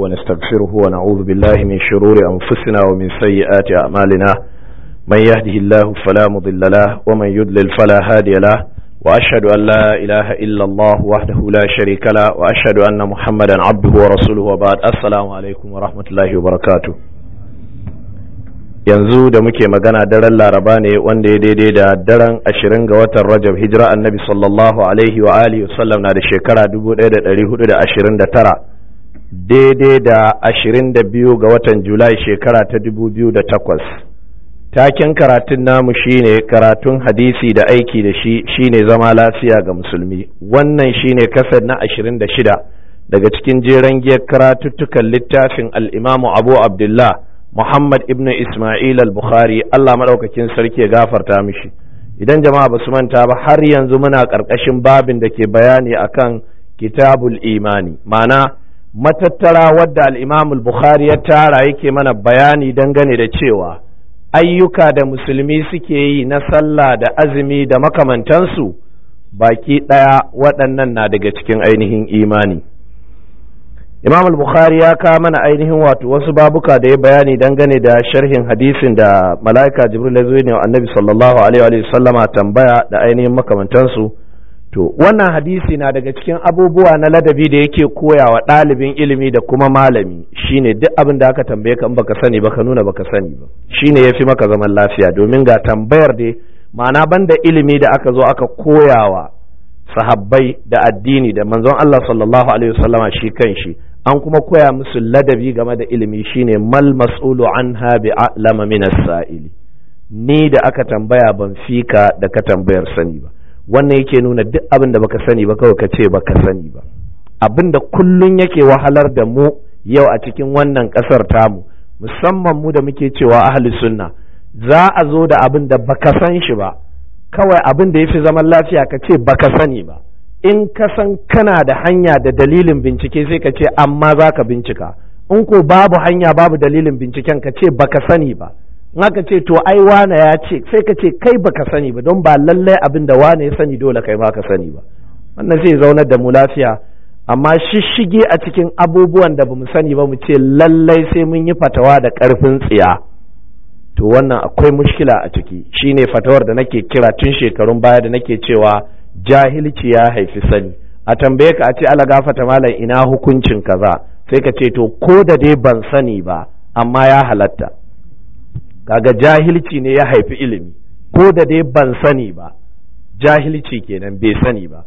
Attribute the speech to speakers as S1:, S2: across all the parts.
S1: ونستغفره ونعوذ بالله من شرور أنفسنا ومن سيئات أعمالنا من يهده الله فلا مضل له ومن يضلل فلا هادي له وأشهد أن لا إله إلا الله وحده لا شريك له وأشهد أن محمدا عبده ورسوله وبعد السلام عليكم ورحمة الله وبركاته yanzu da muke magana daren laraba ne wanda ya daidai da daren ashirin ga watan rajab hijira annabi sallallahu alaihi wa alihi wasallam na da shekara 1429 daidai da ashirin da biyu ga watan julai shekara ta dubu biyu da takwas taken karatun namu shine karatun hadisi da aiki da shi shine zama lafiya ga musulmi wannan shine kasar na ashirin da shida daga cikin jeren giyar karatuttukan littafin al'imamu abu abdullah muhammad ibn ismail al-bukhari allah maɗaukakin sarki ya gafarta mishi idan jama'a ba su manta ba har yanzu muna ƙarƙashin babin da ke bayani akan kitabul imani ma'ana matattara wadda al'imam bukhari ya tara yake mana bayani dangane da cewa ayyuka da musulmi suke yi na sallah da azumi da makamantansu baki ɗaya waɗannan na daga cikin ainihin imani imam bukhari ya kawo mana ainihin wato wasu babuka da ya bayani dangane da sharhin hadisin da mala'ika jibril ya zo ne annabi sallallahu alaihi wa sallama tambaya da ainihin makamantansu to wannan hadisi na daga cikin abubuwa na ladabi da yake wa ɗalibin ilimi da kuma malami shine duk abin da aka tambaye ka in baka sani ba ka nuna baka sani ba shine yafi maka zaman lafiya domin ga tambayar dai ma'ana banda ilimi da aka zo aka koya wa sahabbai da addini da manzon Allah sallallahu alaihi wasallama shi shi an kuma koya musu ladabi game da ilimi shine mal mas'ulu anha bi'lama min as-sa'ili ni da aka tambaya ban fika da ka tambayar sani ba wannan yake nuna duk abin da baka sani ba kawai ka ce baka sani ba abin da kullun yake wahalar da mu yau a cikin wannan kasar tamu musamman mu da muke cewa ahli sunna za a zo da abin da baka san shi ba kawai abin da yafi zaman lafiya ka ce baka sani ba in ka san kana da hanya da dalilin bincike sai ka ce amma za ka bincika in ko babu hanya babu dalilin binciken ka ce baka sani ba haka ce to ai wane ya ce sai ka ce kai baka sani ba don ba lallai abin da wane ya sani dole kai ma ka sani ba wannan zai zaunar da mu lafiya amma shishige a cikin abubuwan da bamu sani ba mu ce lallai sai mun yi fatawa da karfin tsiya to wannan akwai mushkila a ciki shine fatawar da nake kira tun shekarun baya da nake cewa jahilci ya haifi sani a tambaye ka a ce ala gafata malam ina hukuncin kaza sai ka ce to ko da dai ban sani ba amma ya halatta kaga jahilci ne ya haifi ilimi ko da dai ban sani ba jahilci kenan bai sani ba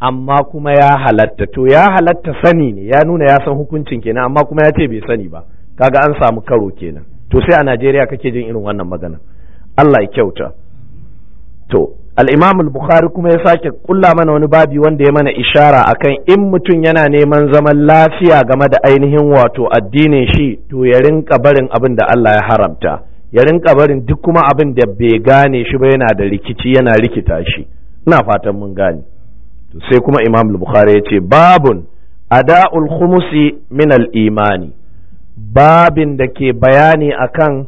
S1: amma kuma ya halatta to ya halatta sani ne ya nuna ya san hukuncin kenan amma kuma ya ce bai sani ba kaga an samu karo kenan to sai a Najeriya kake jin irin wannan magana Allah ya kyauta to al-Imam al-Bukhari kuma ya sake kulla mana wani babi wanda ya mana ishara akan in mutum yana neman zaman lafiya game da ainihin wato addinin shi to ya rinka barin abin da Allah ya haramta ya rinka barin duk kuma abin da bai gane shi ba yana da rikici yana rikita shi ina fatan mun gane sai kuma imam bukhari ya ce babun ada'ul khumusi min al imani babin da ke bayani akan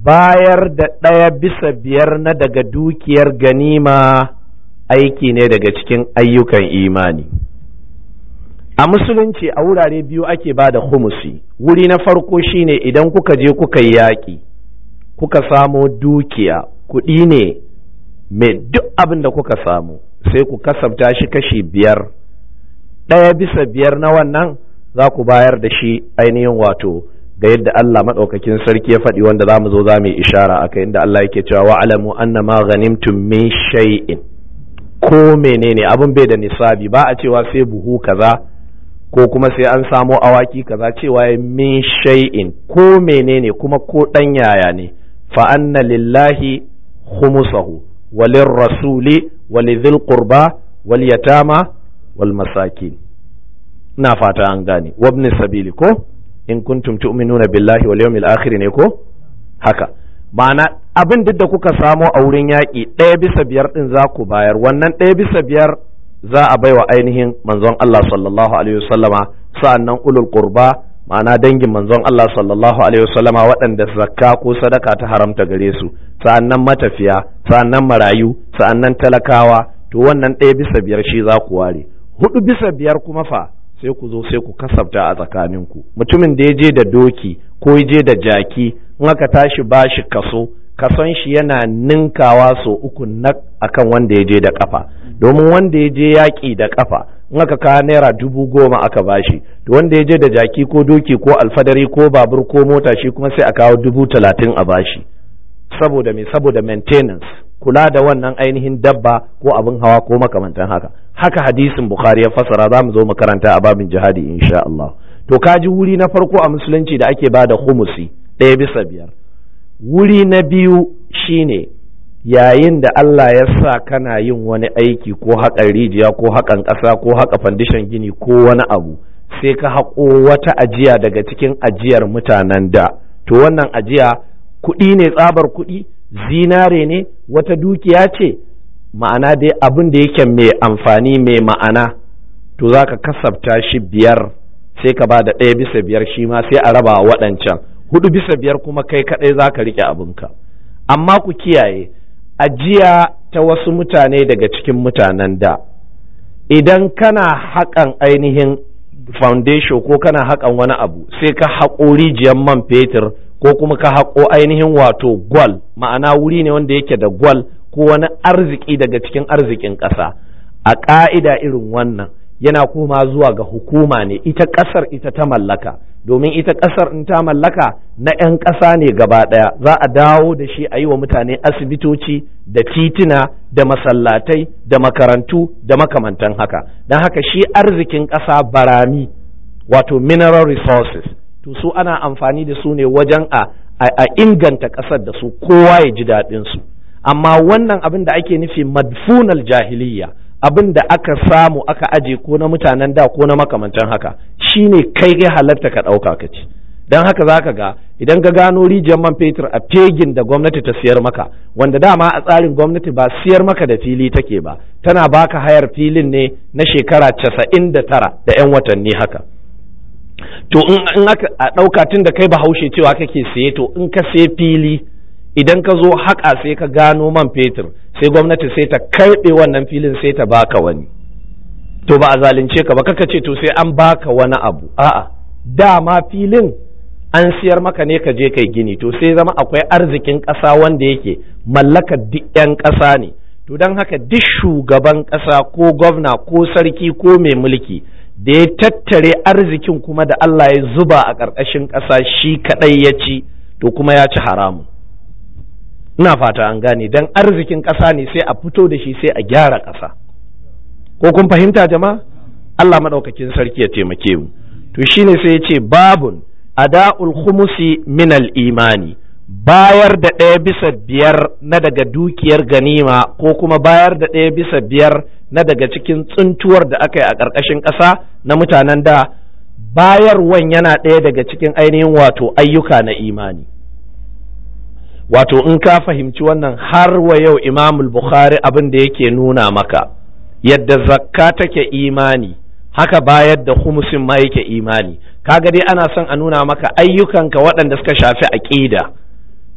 S1: bayar da ɗaya bisa biyar na daga dukiyar ganima aiki ne daga cikin ayyukan imani a musulunci a wurare biyu ake ba da khumusi wuri na farko shine idan kuka je kuka yi yaƙi kuka samo dukiya kuɗi ne mai duk abin da kuka samu sai ku kasafta shi kashi biyar ɗaya bisa biyar na wannan za ku bayar da shi ainihin wato ga yadda Allah maɗaukakin sarki ya faɗi wanda za mu zo za mu yi ishara a kai inda Allah yake cewa wa'alamu anna ma ghanimtum min shay'in ko menene abin bai da nisabi ba a cewa sai buhu kaza ko kuma sai an samo awaki kaza cewa min shay'in ko menene kuma ko ɗan yaya ne fa anna lillahi humusahu walin rasuli walidhil qurba wal yatama ina fata an gane wabni sabili ko in kuntum tu'minuna billahi wal yawmil akhir ne ko haka ma'ana abin duk da kuka samo a wurin yaƙi ɗaya bisa biyar ɗin zaku bayar wannan ɗaya bisa biyar za a baiwa ainihin manzon Allah sallallahu alaihi wasallama sa'annan ulul qurba ma'ana dangin manzon Allah sallallahu alaihi wasallama waɗanda zakka ko sadaka ta haramta gare su sa'annan matafiya sa'annan marayu sa'annan talakawa to wannan ɗaya bisa biyar shi za ku ware hudu bisa biyar kuma fa sai ku zo sai ku kasafta a tsakaninku mutumin da ya je da doki ko ya je da jaki in aka tashi bashi kaso kason shi yana ninkawa so uku na akan wanda ya je da kafa domin wanda ya je yaƙi da kafa in aka kawo naira dubu goma aka bashi to wanda ya je da jaki ko doki ko alfadari ko babur ko mota shi kuma sai a kawo dubu talatin a bashi saboda me saboda maintenance kula da wannan ainihin dabba ko abin hawa ko makamantan haka haka hadisin bukhari ya fasara za mu zo makaranta a babin jihadi insha Allah to kaji wuri na farko a musulunci da ake bada humusi ɗaya bisa biyar wuri na biyu shine yayin da Allah ya sa kana yin wani aiki ko haƙan rijiya ko haƙan ƙasa ko haƙa fandishan gini ko wani abu sai ka haƙo wata ajiya daga cikin ajiyar mutanen da to wannan ajiya kuɗi ne tsabar kuɗi zinare ne wata dukiya ce ma'ana dai abin da yake mai amfani mai ma'ana to za ka kasafta shi biyar sai ka ba da ɗaya bisa biyar shi ma sai a raba waɗancan hudu bisa biyar kuma kai kaɗai za ka riƙe abinka amma ku kiyaye ajiya ta wasu mutane daga cikin mutanen da idan kana haƙan ainihin foundation ko kana haƙan wani abu sai ka haƙo rijiyar man fetur ko kuma ka haƙo ainihin wato gwal ma'ana wuri ne wanda yake da gwal ko wani arziki daga cikin arzikin ƙasa a ƙa'ida irin wannan yana kuma zuwa ga hukuma ne ita ƙasar ita ta mallaka domin ita ƙasar in ta mallaka na 'yan ƙasa ne gaba ɗaya za a dawo da shi a yi wa mutane asibitoci da titina da masallatai da makarantu da makamantan haka don haka shi arzikin ƙasa barami wato mineral resources to su ana amfani da su ne wajen a, a inganta ƙasar da su kowa ya ji daɗin su amma wannan abin da ake nufi madfunal jahiliya abin da aka samu aka aje ko na mutanen da ko na makamantan haka shi ne kai ya halarta ka ɗauka ka ci don haka za ka ga idan ka gano rijiyar man fetur a fegin da gwamnati ta siyar maka wanda dama a tsarin gwamnati ba siyar maka da fili take ba tana baka hayar filin ne na shekara casa'in da tara da 'yan watanni haka to in aka ɗauka tun da kai bahaushe cewa kake siye to in ka siye fili idan ka zo haƙa sai ka gano man fetur sai gwamnati sai ta karɓe wannan filin sai ta baka wani to ba a zalunce ka ba kaka ce to sai an baka wani abu a'a dama filin an siyar maka ne ka je kai gini to sai zama akwai arzikin ƙasa wanda yake mallakar duk 'yan ƙasa ne to don haka duk shugaban ƙasa ko gwamna ko sarki ko mai mulki da ya tattare arzikin kuma da Allah ya zuba a ƙarƙashin ƙasa shi kaɗai ya ci to kuma ya ci haramun ina fata an gane dan arzikin ƙasa ne sai a fito da shi sai a gyara ƙasa ko kun fahimta jama'a Allah maɗaukakin sarki ya taimake mu to shine sai ya ce babun ada'ul khumusi min al imani bayar da ɗaya bisa biyar na daga dukiyar ganima ko kuma bayar da ɗaya bisa biyar na daga cikin tsuntuwar da aka yi a ƙarƙashin ƙasa na mutanen da bayarwan yana ɗaya daga cikin ainihin wato ayyuka na imani wato in ka fahimci wannan har wa yau imamul bukhari abin da yake nuna maka yadda zakka take imani haka bayar da humusin ma yake imani kaga dai ana son a nuna maka ayyukanka waɗanda suka shafi aƙida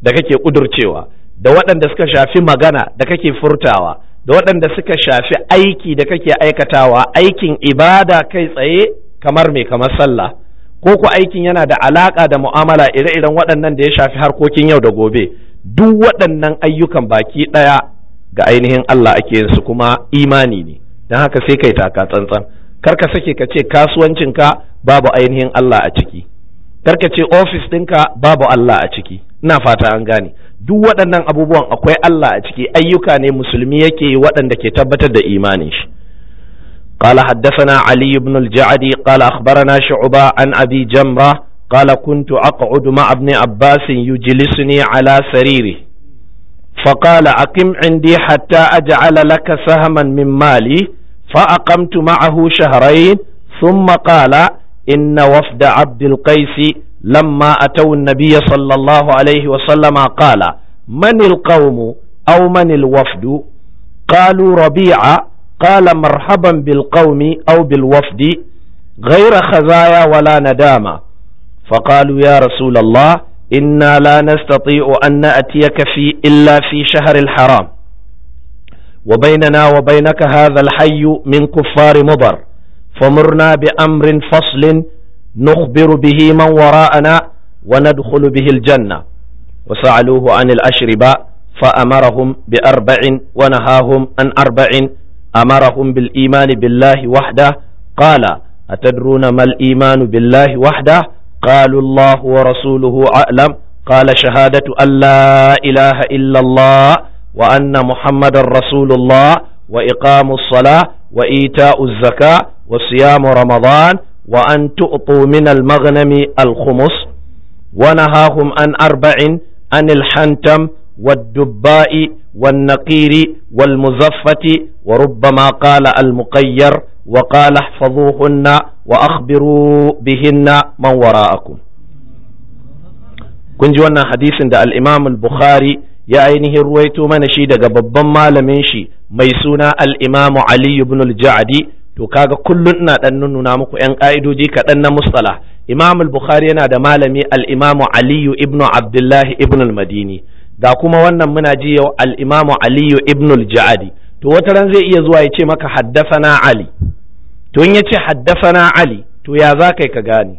S1: da kake ƙudurcewa da waɗanda suka shafi magana da kake furtawa da waɗanda suka shafi aiki da kake aikatawa aikin ibada kai tsaye kamar mai kamar sallah ko ku aikin yana da alaƙa da mu'amala ire-iren waɗannan da ya shafi harkokin yau da gobe duk waɗannan ayyukan baki ɗaya ga ainihin Allah ake yin su kuma imani ne don haka sai kai taka tsantsan kar ka sake ka ce kasuwancinka babu ainihin Allah a ciki kar ka ce ofis ɗinka babu Allah a ciki ina fata an gane duk waɗannan abubuwan akwai Allah a ciki ayyuka ne musulmi yake yi waɗanda ke tabbatar da imanin shi قال حدثنا علي بن الجعدي قال أخبرنا شعبة عن أبي جمرة قال كنت أقعد مع ابن عباس يجلسني على سريري فقال أقم عندي حتى أجعل لك سهما من مالي فأقمت معه شهرين ثم قال إن وفد عبد القيس لما أتوا النبي صلى الله عليه وسلم قال من القوم أو من الوفد قالوا ربيعة قال مرحبا بالقوم أو بالوفد غير خزايا ولا ندامة فقالوا يا رسول الله إنا لا نستطيع أن نأتيك في إلا في شهر الحرام وبيننا وبينك هذا الحي من كفار مضر فمرنا بأمر فصل نخبر به من وراءنا وندخل به الجنة وسألوه عن الأشربة فأمرهم بأربع ونهاهم عن أربع أمرهم بالإيمان بالله وحده قال أتدرون ما الإيمان بالله وحده قالوا الله ورسوله أعلم قال شهادة أن لا إله إلا الله وأن محمد رسول الله وإقام الصلاة وإيتاء الزكاة وصيام رمضان وأن تؤطوا من المغنم الخمس ونهاهم عن أربع عن الحنتم والدباء والنقير والمزفة وربما قال المقير وقال احفظوهن وأخبروا بهن من وراءكم kun ji wannan hadisin da al'imam al-bukhari ya ainihin ruwaito mana shi daga babban malamin shi mai suna al'imamu ali ibn al-ja'adi to kaga kullum ina dan nuna muku yan ka'idoji kaɗan na mustala imam al-bukhari yana da malami al'imamu aliyu ibn abdullahi ibn madini ga kuma wannan muna ji yau al-imamu aliyu ibnul ja'adi to wata ran zai iya zuwa ya ce maka na ali to in ya ce na ali to ya za yi, ka gane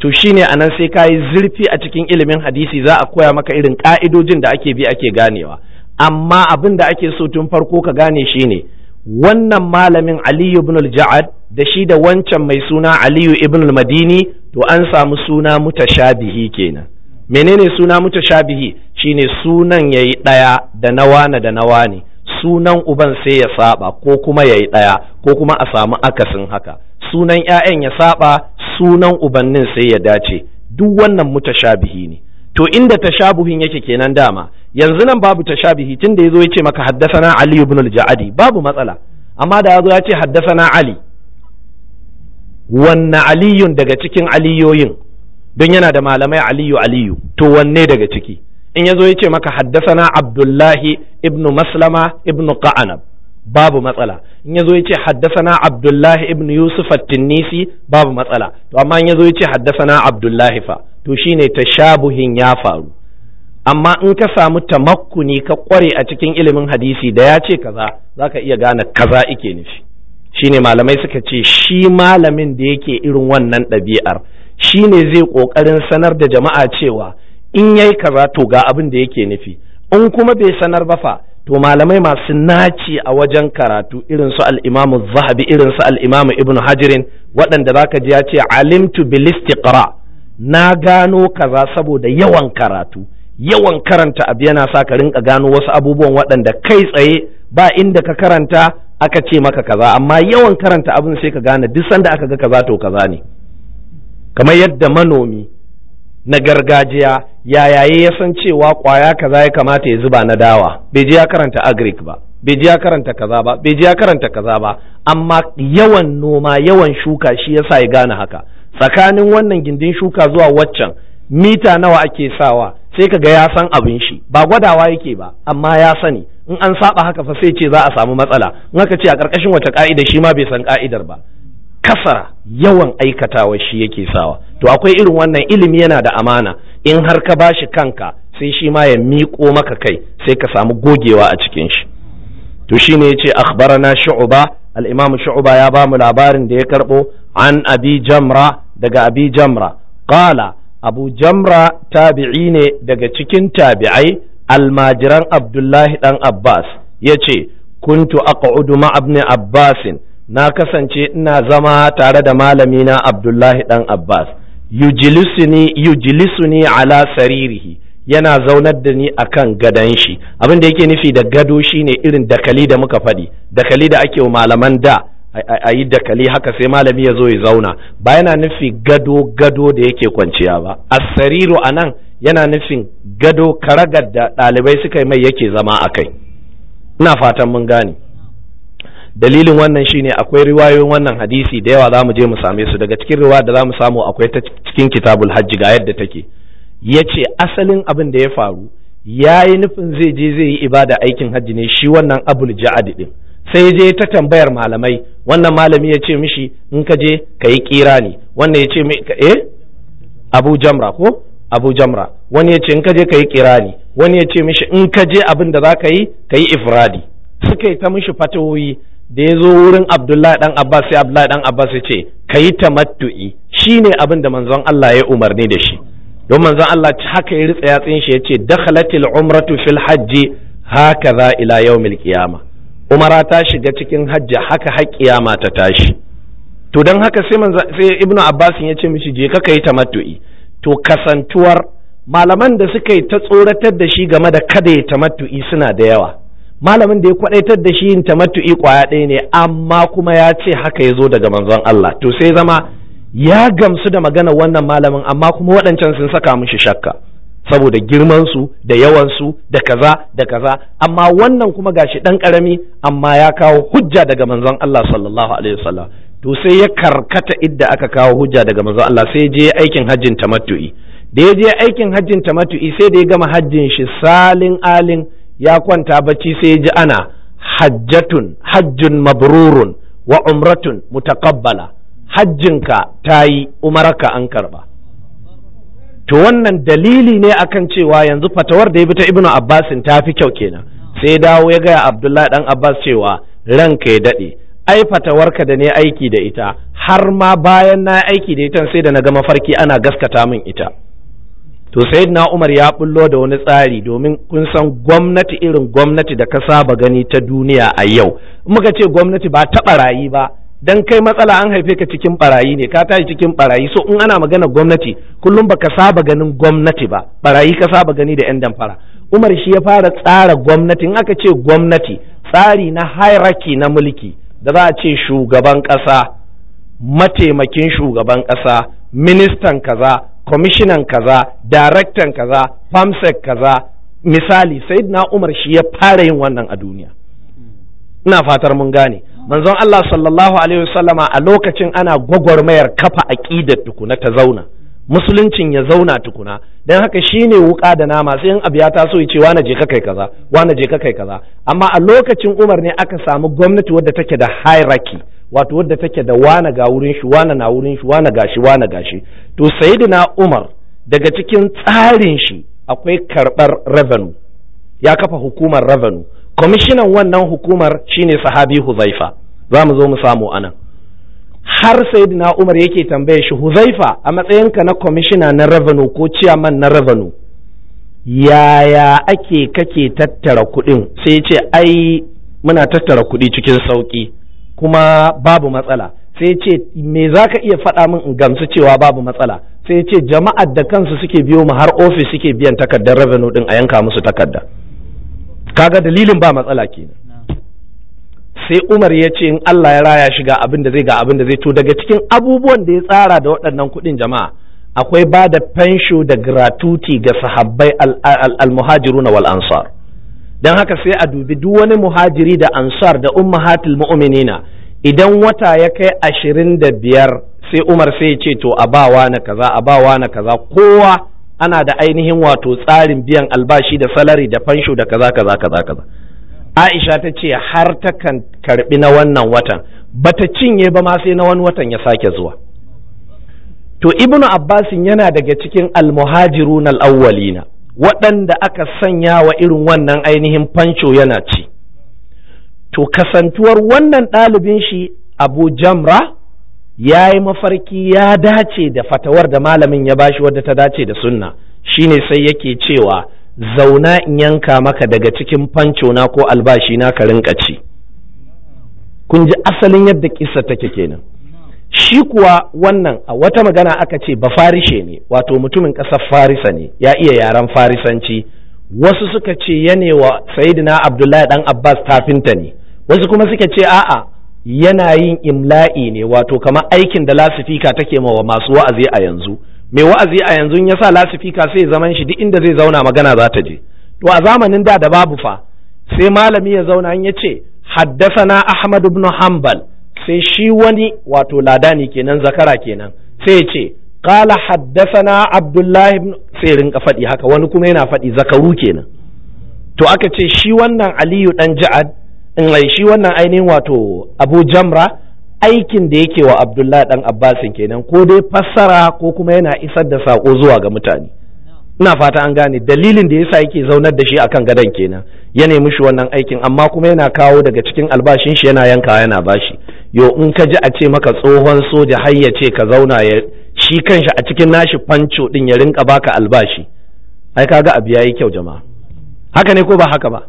S1: to shine anan sai ka yi zurfi a cikin ilimin hadisi za a koya maka irin ƙa'idojin da ake bi ake ganewa amma abin da ake so tun farko ka gane shine wannan malamin aliyu ibn jaad da shi da wancan mai suna aliyu Ibnul al-madini to an samu suna mutashabihi kenan menene suna mutashabihi shine sunan ya yi ɗaya da na wane da na wane sunan uban sai ya saba ko kuma ya yi ɗaya ko kuma a samu akasin haka sunan 'ya'yan ya saba sunan ubannin sai ya dace duk wannan mutashabihi ne to inda tashabuhin yake kenan dama yanzu nan babu tashabihi zo ya ce maka Haddasana Ali ibn al-Ja'adi babu matsala amma da ya ya haddasa na Ali wanne aliyun daga cikin aliyoyin don yana da malamai aliyu aliyu to wanne daga ciki in ya zo ya ce maka haddasana abdullahi Ibn maslama Ibn qa'anab babu matsala in ya zo ya ce haddasana abdullahi ibnu yusuf at-tinnisi babu matsala to amma in ya zo ya ce haddasana abdullahi fa to shine tashabuhin ya faru amma in ka samu tamakkuni ka kware a cikin ilimin hadisi da ya ce kaza zaka iya gane kaza ike nufi shine malamai suka ce shi malamin da yake irin wannan ɗabi'ar shine zai ƙoƙarin sanar da jama'a cewa in yayi kaza to ga abin da yake nufi in kuma bai sanar ba fa to malamai masu naci a wajen karatu irin su al-Imam Zahabi irin su al-Imam Ibn Hajirin waɗanda zaka ji ya ce alimtu bil istiqra na gano kaza saboda yawan karatu yawan karanta abu yana sa ka rinka gano wasu abubuwan waɗanda kai tsaye ba inda ka karanta aka ce maka kaza amma yawan karanta abin sai ka gane duk sanda aka ga kaza to kaza ne kamar yadda manomi na gargajiya yaya ya san cewa kwaya kaza ya kamata ya zuba na dawa bai ji ya karanta agric ba bai ji ya karanta kaza ba bai ji ya karanta kaza ba amma yawan noma yawan shuka shi yasa ya gane haka tsakanin wannan gindin shuka zuwa waccan mita nawa ake sawa sai ka ga ya san abin shi ba gwadawa yake ba amma ya sani in an saba haka fa sai ce za a samu matsala in aka ce a ƙarƙashin wace ka'ida shi ma bai san ka'idar ba Kasar yawan aikatawa shi yake sawa to akwai irin wannan ilimi yana da amana in har ka bashi kanka sai shi ma ya miƙo maka kai sai ka samu gogewa a cikin shi to shine yace akhbarana shu'ba al-imam shu'ba ya ba mu labarin da ya karbo an abi jamra daga abi jamra qala abu jamra tabi'i ne daga cikin tabi'ai almajiran abdullahi dan abbas yace kuntu aq'udu ma ibn abbasin na kasance ina zama tare da malamina abdullahi dan abbas yujilisuni yujilisuni ala saririhi yana zaunar da ni akan gadon shi abin da yake nufi da gado shine irin dakali da muka faɗi dakali da ake wa malaman da ayi dakali haka sai malami ya zo ya zauna ba yana nufi gado gado da yake kwanciya ba asariru a nan yana nufin gado karagar da ɗalibai suka yi mai yake zama a kai ina fatan mun gane dalilin wannan shine akwai riwayoyin wannan hadisi da yawa za mu je mu same su daga cikin riwaya da za mu samu akwai ta cikin kitabul hajji ga yadda take ya ce asalin abin da ya faru ya yi nufin zai je zai yi ibada aikin hajji ne shi wannan abul ja'ad din sai je ta tambayar malamai wannan malami ya ce mishi in ka je ka yi kira ne wannan ya ce eh abu jamra ko abu jamra wani ya ce in ka je ka yi kira ne wani ya ce mishi in ka je abin da za ka yi ka yi ifradi suka yi ta mishi fatawoyi da ya zo wurin abdullahi dan abbas sai abdullahi dan abbas ya ce ka yi tamattu'i shine abin da manzon Allah ya umarni da shi don manzon Allah haka ya ritsa yatsin shi ya ce dakhalatil umratu fil hajji hakaza ila yawmil qiyama umara ta shiga cikin hajji haka har kiyama ta tashi to don haka sai manzo sai ibnu abbas ya ce mishi je ka kai tamattu'i to kasantuwar malaman da suka yi ta tsoratar da shi game da kada ya tamattu'i suna da yawa malamin da ya kwadaitar da shi yin tamattu'i kwaya ɗaya ne amma kuma ya ce haka ya zo daga manzon Allah to sai zama ya gamsu da magana wannan malamin amma kuma waɗancan sun saka mishi shakka saboda girmansu da yawansu da kaza da kaza amma wannan kuma gashi ɗan ƙarami amma ya kawo hujja daga manzon Allah sallallahu alaihi wasallam to sai ya karkata idda aka kawo hujja daga manzon Allah sai je aikin hajjin tamattu'i da ya je aikin hajjin tamattu'i sai da ya gama hajjin shi salin alin ya kwanta bacci sai ji ana hajjatun hajjun mabrurun wa umratun mutakabbala hajjinka ta yi umaraka an karba to wannan dalili ne akan cewa yanzu fatawar da ya bi ta ibnu abbasin ta fi kyau kenan sai dawo ya gaya abdullahi dan abbas cewa ranka ya daɗe ai fatawarka da ne aiki da ita har ma bayan na aiki da ita sai da na gama mafarki ana gaskata min ita to na Umar ya bullo da wani tsari domin kun san gwamnati irin gwamnati da ka saba gani ta duniya a yau muka ce gwamnati ba ta barayi ba dan kai matsala an haife ka cikin barayi ne ka tashi cikin barayi so in ana magana gwamnati kullum ba ka saba ganin gwamnati ba barayi ka saba gani da yan damfara Umar shi ya fara tsara gwamnati in aka ce gwamnati tsari na hierarchy na mulki da za a ce shugaban ƙasa mataimakin shugaban ƙasa ministan kaza kwamishinan kaza daraktan kaza famsek kaza misali na umar shi ya fara yin wannan a duniya ina fatar mun gane manzon Allah sallallahu alaihi wasallama a lokacin ana gwagwarmayar kafa aqidar tukuna ta zauna musuluncin ya zauna tukuna dan haka shine wuka da nama sai in abu ya taso ya ce je ka kai kaza wani je ka kai kaza amma a lokacin Umar ne aka samu gwamnati wadda take da hierarchy wato wadda take da wana ga wurin shi wana na wurin shi wana gashi wana gashi to sayyidina Umar daga cikin tsarin shi akwai karɓar revenue ya kafa hukumar revenue kwamishinan wannan hukumar shine sahabi Huzaifa za mu zo mu samu anan har sayyidina Umar yake tambaye shi Huzaifa a matsayinka na kwamishina na revenue ko ciyaman na revenue yaya ake kake tattara kuɗin sai ya ce ai muna tattara kuɗi cikin sauƙi kuma babu matsala sai ce me za ka iya faɗa min in gamsu cewa babu matsala sai ce jama'ar da kansu suke biyo mu har ofis suke biyan takardar revenue din a yanka musu takarda kaga dalilin ba matsala kenan sai Umar ya ce in Allah ya raya shiga abin da zai ga abin da zai to daga cikin abubuwan da ya tsara da waɗannan kuɗin jama'a akwai ba da fensho da gratuity ga sahabbai al-muhajiruna wal ansar don haka sai a dubi duk wani muhajiri da ansar da ummahatul mu'minina idan wata ya kai ashirin da biyar sai umar sai ya ce to a bawa na kaza a bawa na kaza kowa ana da ainihin wato tsarin biyan albashi da salari da fansho da kaza kaza kaza kaza aisha ta ce har ta kan karbi na wannan watan bata cinye ba ma sai na wani watan ya sake zuwa to ibnu abbasin yana daga cikin almuhajirun al-awwalina waɗanda aka sanya wa irin wannan ainihin fanco yana ci to kasantuwar wannan ɗalibin shi abu jamra ya yi mafarki ya dace da fatawar da malamin ya bashi wadda ta dace da sunna shine sai yake cewa zauna in yanka maka daga cikin fanco na ko albashi na ka rinka ci kun ji asalin yadda kisa take kenan shi kuwa wannan a wata magana aka ce ba farishe ne wato mutumin ƙasar farisa ne ya iya yaren farisanci wasu suka ce yanewa sayidina abdullahi dan abbas tafinta ne wasu kuma suka ce a'a yana yin imla'i ne wato kamar aikin da lasifika take ma wa masu wa'azi a yanzu mai wa'azi a yanzu ya sa lasifika sai zaman shi duk inda zai zauna magana za ta je to a zamanin da da babu fa sai malami ya zauna ya ce haddasana ahmad ibn hanbal sai shi wani wato ladani kenan zakara kenan sai ya ce qala haddathana abdullah ibn sai rinka faɗi haka wani kuma yana faɗi zakaru kenan to aka ce shi wannan aliyu dan ja'ad in shi wannan ainihin wato abu jamra aikin da yake wa abdullah dan abbasin kenan ko dai fassara ko kuma yana isar da sako zuwa ga mutane ina fata an gane dalilin da yasa yake zaunar da shi akan gadon kenan ya nemi shi wannan aikin amma kuma yana kawo daga cikin albashin shi yana yanka yana bashi yo in ka ji a ce maka tsohon soja har ya ce ka zauna ya shi kanshi a cikin nashi fanco din ya rinka baka albashi ai kaga abu yayi kyau jama'a haka ne ko ba haka ba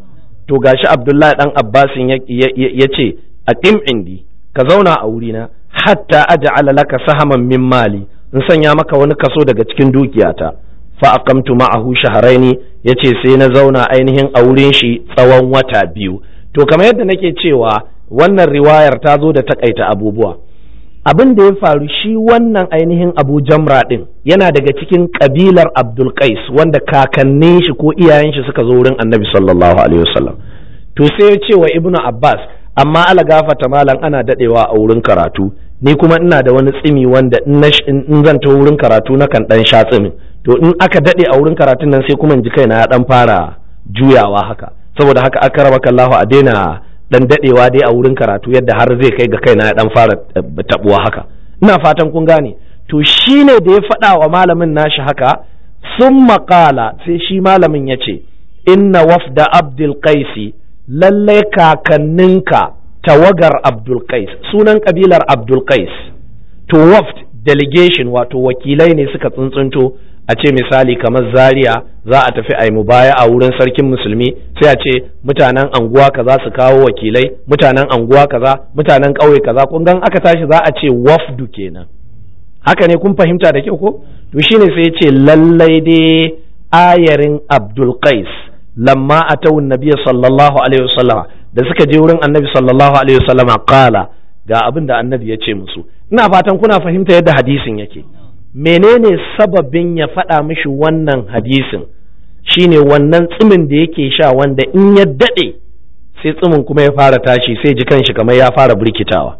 S1: to gashi Abdullahi dan Abbasin ya ce a indi ka zauna a wurina hatta aj'ala laka sahaman min mali in sanya maka wani kaso daga cikin dukiyata fa aqamtu ma'ahu shahraini yace sai na zauna ainihin a wurin shi tsawon wata biyu to kamar yadda nake cewa wannan riwayar ta zo da takaita abubuwa abin da ya faru shi wannan ainihin abu jamra din yana daga cikin kabilar abdul qais wanda kakanni shi ko iyayen shi suka zo wurin annabi sallallahu alaihi wasallam to sai ya ce wa ibnu abbas amma ala gafata malam ana dadewa a wurin karatu ni kuma ina da wani tsimi wanda in zan ta wurin karatu na kan dan sha tsimin to in aka dade a wurin karatun nan sai kuma in ji kaina ya dan fara juyawa haka saboda haka aka raba kallahu a daina dan dadewa dai a wurin karatu yadda har zai kai ga kaina ya dan fara eh, tabuwa haka ina fatan kun gane to shine da ya faɗa wa malamin nashi haka sun maƙala sai shi malamin ya ce inna wafda abdul qaisi lallai kakanninka tawagar abdul qais sunan kabilar abdul qais to waft delegation wato wakilai ne suka tsuntsunto a ce misali kamar zaria za a tafi a yi mubaya a wurin sarkin musulmi sai a ce mutanen anguwa kaza su kawo wakilai mutanen anguwa kaza mutanen ƙauye kaza kun gan aka tashi za a ce wafdu kenan haka ne kun fahimta da kyau ko to shine sai ya ce lallai dai ayarin abdul qais lamma atawun nabiyyi sallallahu alaihi wasallama da suka je wurin annabi sallallahu alaihi wasallama qala ga abin da annabi ya ce musu ina fatan kuna fahimta yadda hadisin yake menene sababin ya faɗa mishi wannan hadisin shine wannan tsimin da yake sha wanda in ya daɗe sai tsimin kuma ya fara tashi sai ji kanshi kamar ya fara birkitawa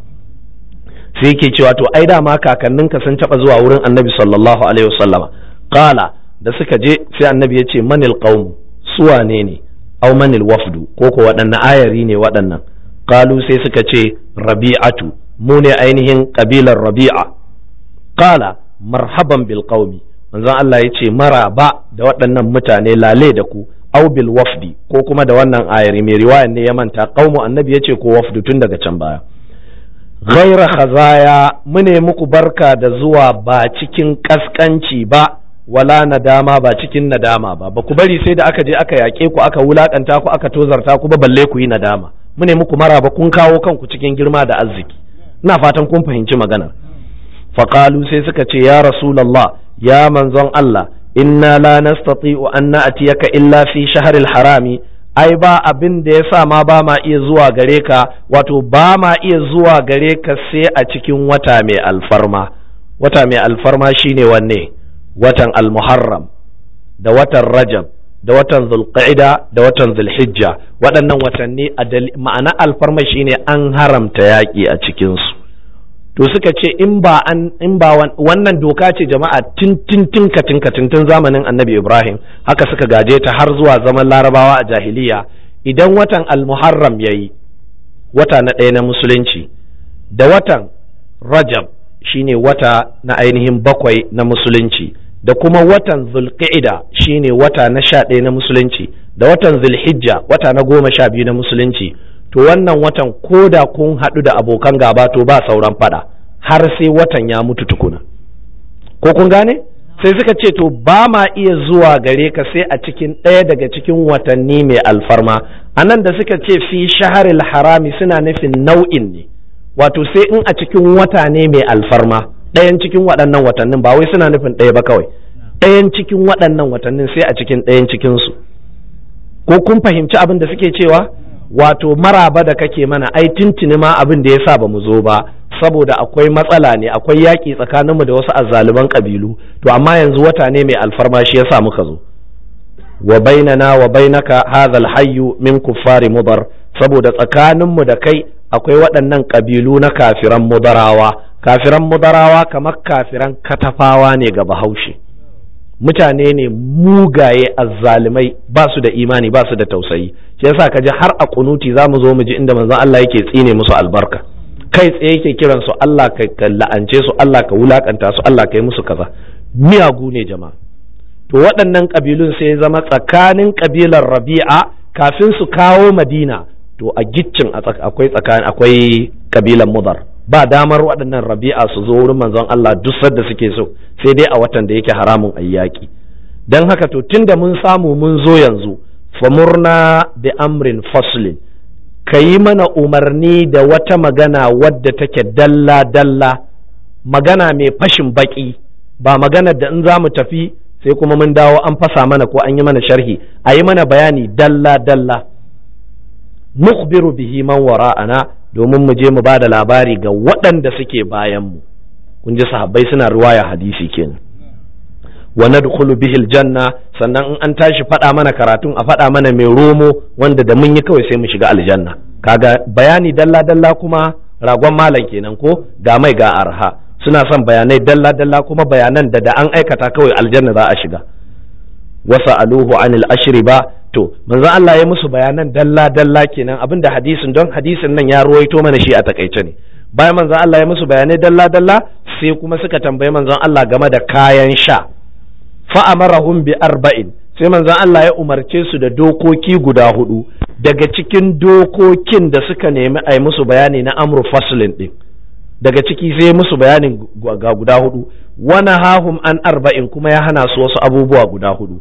S1: sai yake cewa to ai dama kakanninka sun taɓa zuwa wurin annabi sallallahu alaihi wasallama qala da suka je sai annabi ya ce manil qaum suwa ne ne au manil wafdu ko ko waɗanne ayari ne waɗannan kalu sai suka ce rabi'atu mu ne ainihin kabilar rabi'a kala marhaban bil qaumi manzon Allah yace ce maraba da waɗannan mutane lale da ku au bil wafdi ko kuma da wannan ayari, mai riwayan ne ya manta qaumu annabi yace ko wafdu tun daga can baya ghaira khazaya mune muku barka da zuwa ba cikin kaskanci ba wala nadama ba cikin nadama ba ba ku bari sai da aka je aka yaƙe ku aka wulakanta ku aka tozarta ku ba balle ku yi nadama mune muku maraba kun kawo kanku cikin girma da arziki ina fatan kun fahimci maganar faƙalu sai suka ce ya rasulallah ya manzon Allah inna la nastati'u an na'tiyaka illa fi shahril harami ai ba abin da ya sa ma ba ma iya zuwa gare ka wato ba ma iya zuwa gare ka sai a cikin wata mai alfarma wata mai alfarma shine wanne watan almuharram da watan rajab da watan zulqa'ida da watan zulhijja waɗannan watanni ma'ana alfarma shine an haramta yaƙi a cikinsu to suka ce in ba an in ba wannan doka ce jama'a tin tin tin ka tin zamanin annabi ibrahim haka suka gaje ta har zuwa zaman larabawa a jahiliya idan watan almuharram yayi wata na ɗaya na musulunci da watan rajab shine wata na ainihin bakwai na musulunci da kuma watan zulqa'ida shine wata na sha ɗaya na musulunci da watan zulhijja wata na goma sha biyu na musulunci to wannan watan ko da kun haɗu da abokan gaba to ba sauran faɗa har sai watan ya mutu tukuna ko kun gane sai suka ce to ba ma iya zuwa gare ka sai a cikin ɗaya daga cikin watanni mai alfarma a nan da suka ce fi shaharil harami suna nufin nau'in ne wato sai in a cikin wata ne mai alfarma ɗayan cikin waɗannan watannin ba wai suna nufin ɗaya ba kawai ɗayan cikin waɗannan watannin sai a cikin ɗayan cikinsu ko kun fahimci abin da suke cewa wato maraba da kake mana ai tintini ma abin da ya sa ba mu zo ba saboda akwai matsala ne akwai yaƙi tsakaninmu da wasu azzaluman ƙabilu to amma yanzu wata ne mai alfarma shi ya sa muka zo wa bainana wa bainaka hadhal hayyu min kuffari mudar saboda tsakaninmu da kai akwai waɗannan ƙabilu na kafiran mudarawa kafiran mudarawa kamar kafiran katafawa ne ga bahaushe mutane ne mugaye azzalimai ba su da imani ba su da tausayi shi yasa ka ji har a kunuti za mu zo mu ji inda manzon Allah yake tsine musu albarka kai tsaye yake kiran su Allah ka la'ance su Allah ka wulakanta su Allah ka yi musu kaza miyagu ne jama'a to waɗannan kabilun sai zama tsakanin kabilar Rabi'a kafin su kawo Madina to a giccin akwai tsakanin akwai kabilan Mudar ba damar waɗannan rabi'a su zo wurin manzon Allah duk sadda suke so sai dai a watan da yake haramun ayyaki dan haka to tunda mun samu mun zo yanzu famurna bi amrin faslin kayi mana umarni da wata magana wadda take dalla dalla magana mai fashin baki ba magana da in za mu tafi sai kuma mun dawo an fasa mana ko an yi mana sharhi a yi mana bayani dalla dalla mukbiru bihi man wara'ana domin mu je mu bada labari ga waɗanda suke bayanmu kun ji sahabbai suna ruwaya hadisi kenan wa nadkhulu bihil janna sannan in an tashi faɗa mana karatun a faɗa mana mai romo wanda da mun yi kawai sai mu shiga aljanna kaga bayani dalla dalla kuma ragon malam kenan ko ga mai ga arha suna son bayanai dalla dalla kuma bayanan da da an aikata kawai aljanna za a shiga wasa aluhu anil ashriba to manzo Allah ya musu bayanan dalla dalla kenan abinda hadisin don hadisin nan ya ruwaito mana shi a takaice ne bayan manzo Allah ya musu bayanai dalla dalla sai kuma suka tambayi manzon Allah game da kayan sha fa amarahum bi arba'in sai manzon Allah ya umarce su da dokoki guda hudu daga cikin dokokin da suka nemi a musu bayani na amru faslin din daga ciki sai musu bayani ga guda hudu wana hahum an arba'in kuma ya hana su wasu abubuwa guda hudu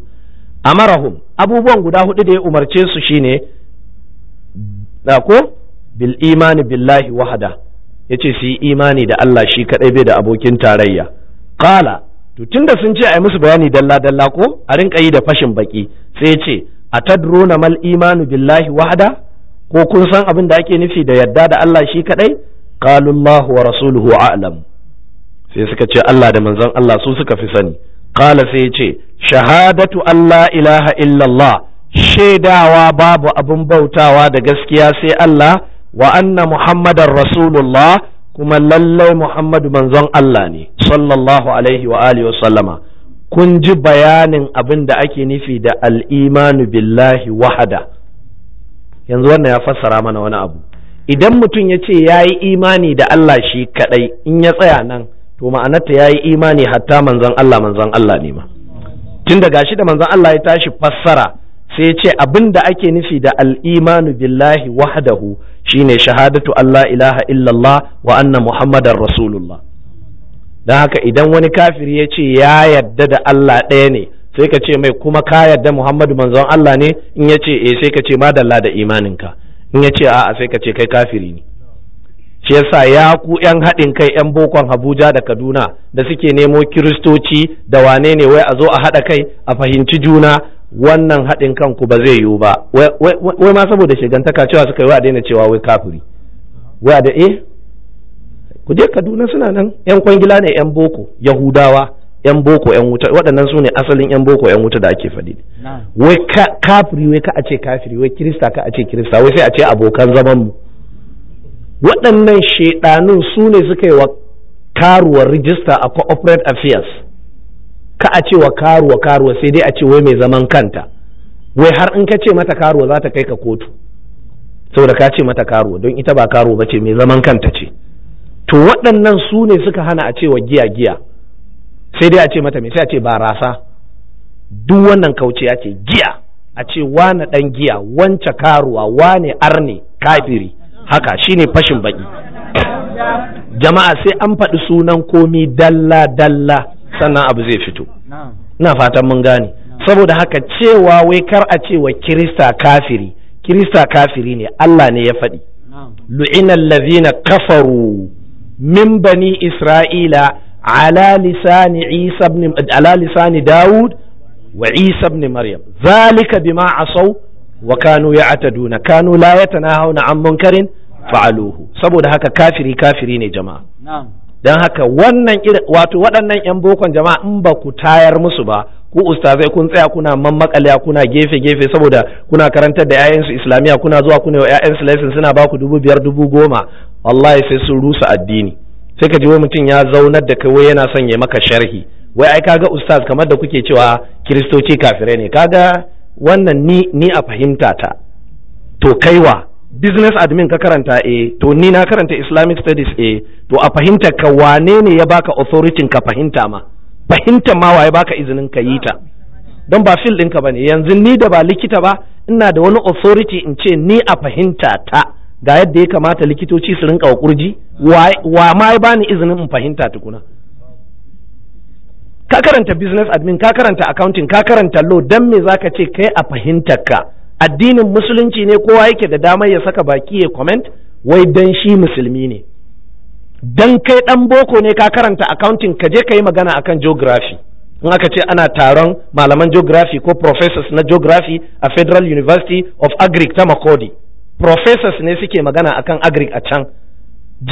S1: amarahum abubuwan guda hudu da ya umarce su shine da ko bil imani billahi wahada yace su yi imani da Allah shi kadai bai da abokin tarayya qala to tunda sun ce ai musu bayani dalla dalla ko a rinka yi da fashin baki sai yace atadruna mal imani billahi wahada ko kun san abin da ake nufi da yadda da Allah shi kadai qalu wa rasuluhu a'lam sai suka ce Allah da manzon Allah su suka fi sani qala sai ce shahadatu Allah ilaha illallah shaidawa babu abin bautawa da gaskiya sai Allah wa anna muhammadar rasulullah kuma lallai muhammadu manzon Allah ne sallallahu alaihi wa wa sallama kun ji bayanin abin da ake nufi da al'imanu billahi wahada yanzu wannan ya fassara mana wani abu idan mutum ya ce ya yi imani da Allah shi kaɗai in ya tsaya nan to ma'anarta yayi imani hatta manzon Allah manzon Allah ne ma tun daga shi da manzon Allah ya tashi fassara sai ya ce abin da ake nufi da al'imanu billahi wahdahu shine shahadatu Allah ilaha illallah wa anna muhammadar rasulullah don haka idan wani kafiri ya ce ya yarda da Allah ɗaya ne sai ka ce mai kuma ka yarda muhammadu manzon Allah ne in ya ce eh sai ka ce madalla da imaninka in ya ce a'a sai ka ce kai kafiri ne shi yasa ya ku yan haɗin kai yan bokon Abuja da Kaduna da suke nemo kiristoci da wane ne wai a zo a haɗa kai a fahimci juna wannan haɗin kanku ba zai yiwu ba wai ma saboda shigantaka cewa suka yi wa daina cewa wai kafiri wai da eh ku je Kaduna suna nan yan kwangila ne yan boko Yahudawa yan boko yan wuta waɗannan su ne asalin yan boko yan wuta da ake faɗi wai kafiri wai ka a ce kafiri wai kirista ka a ce kirista wai sai a ce abokan zaman mu waɗannan shaiɗanun su ne suka yi wa karuwar rijista a corporate affairs ka a ce wa karuwa karuwa sai dai a ce wai mai zaman kanta wai har in ka ce mata karuwa za ta kai ka kotu saboda ka ce mata karuwa don ita ba karuwa ba ce mai zaman kanta ce to waɗannan su ne suka hana a ce wa giya giya sai dai a ce mata mai sai a ce ba rasa duk wannan kauce ya ce giya a ce wane ɗan giya wance karuwa wane arne kafiri haka shine fashin baki jama'a sai an faɗi sunan komi dalla dalla sannan abu zai fito na fatan mun gane saboda haka cewa wai kar a cewa kirista kafiri kirista kafiri ne Allah ne ya faɗi lu'inan lazina kafaru min bani isra'ila ala lisani Dawud wa isa ibn maryam zalika bima asau wa kanu layata kanu la yatanahawna an munkarin fa'aluhu saboda haka kafiri kafiri ne jama'a don haka wannan wato waɗannan 'yan bokon jama'a in ba ku tayar musu ba ku ustazai kun tsaya kuna mammakaliya kuna gefe gefe saboda kuna karantar da 'ya'yansu islamiyya kuna zuwa kuna wa 'ya'yansu lesson suna ba ku dubu biyar dubu goma wallahi sai sun rusa addini sai ka ji wai mutum ya zaunar da kai wai yana son ya maka sharhi wai ai kaga ustaz kamar da kuke cewa kiristoci kafirai ne kaga wannan ni ni a fahimta ta to kaiwa business admin ka karanta a, to ni na karanta islamic studies e to a fahimta ka wane ne ya baka authority ka fahimta ma fahimta ma waye baka izinin ka yi ta don ba field ɗinka ba ne yanzu ni da ba likita ba ina da wani authority in ce ni a fahimta ta ga yadda ya kamata likitoci su rinka wa kurji wa ma ya bani izinin in fahimta tukuna ka karanta business admin ka karanta accounting ka karanta law dan me zaka ce kai a fahimtar ka addinin musulunci ne kowa yake da damar ya saka baki ya comment wai dan shi musulmi ne dan kai dan boko ne ka karanta accounting ka je ka yi magana akan geography in aka ce ana taron malaman geography ko professors na geography a federal university of agric ta makodi professors ne suke magana akan agric a can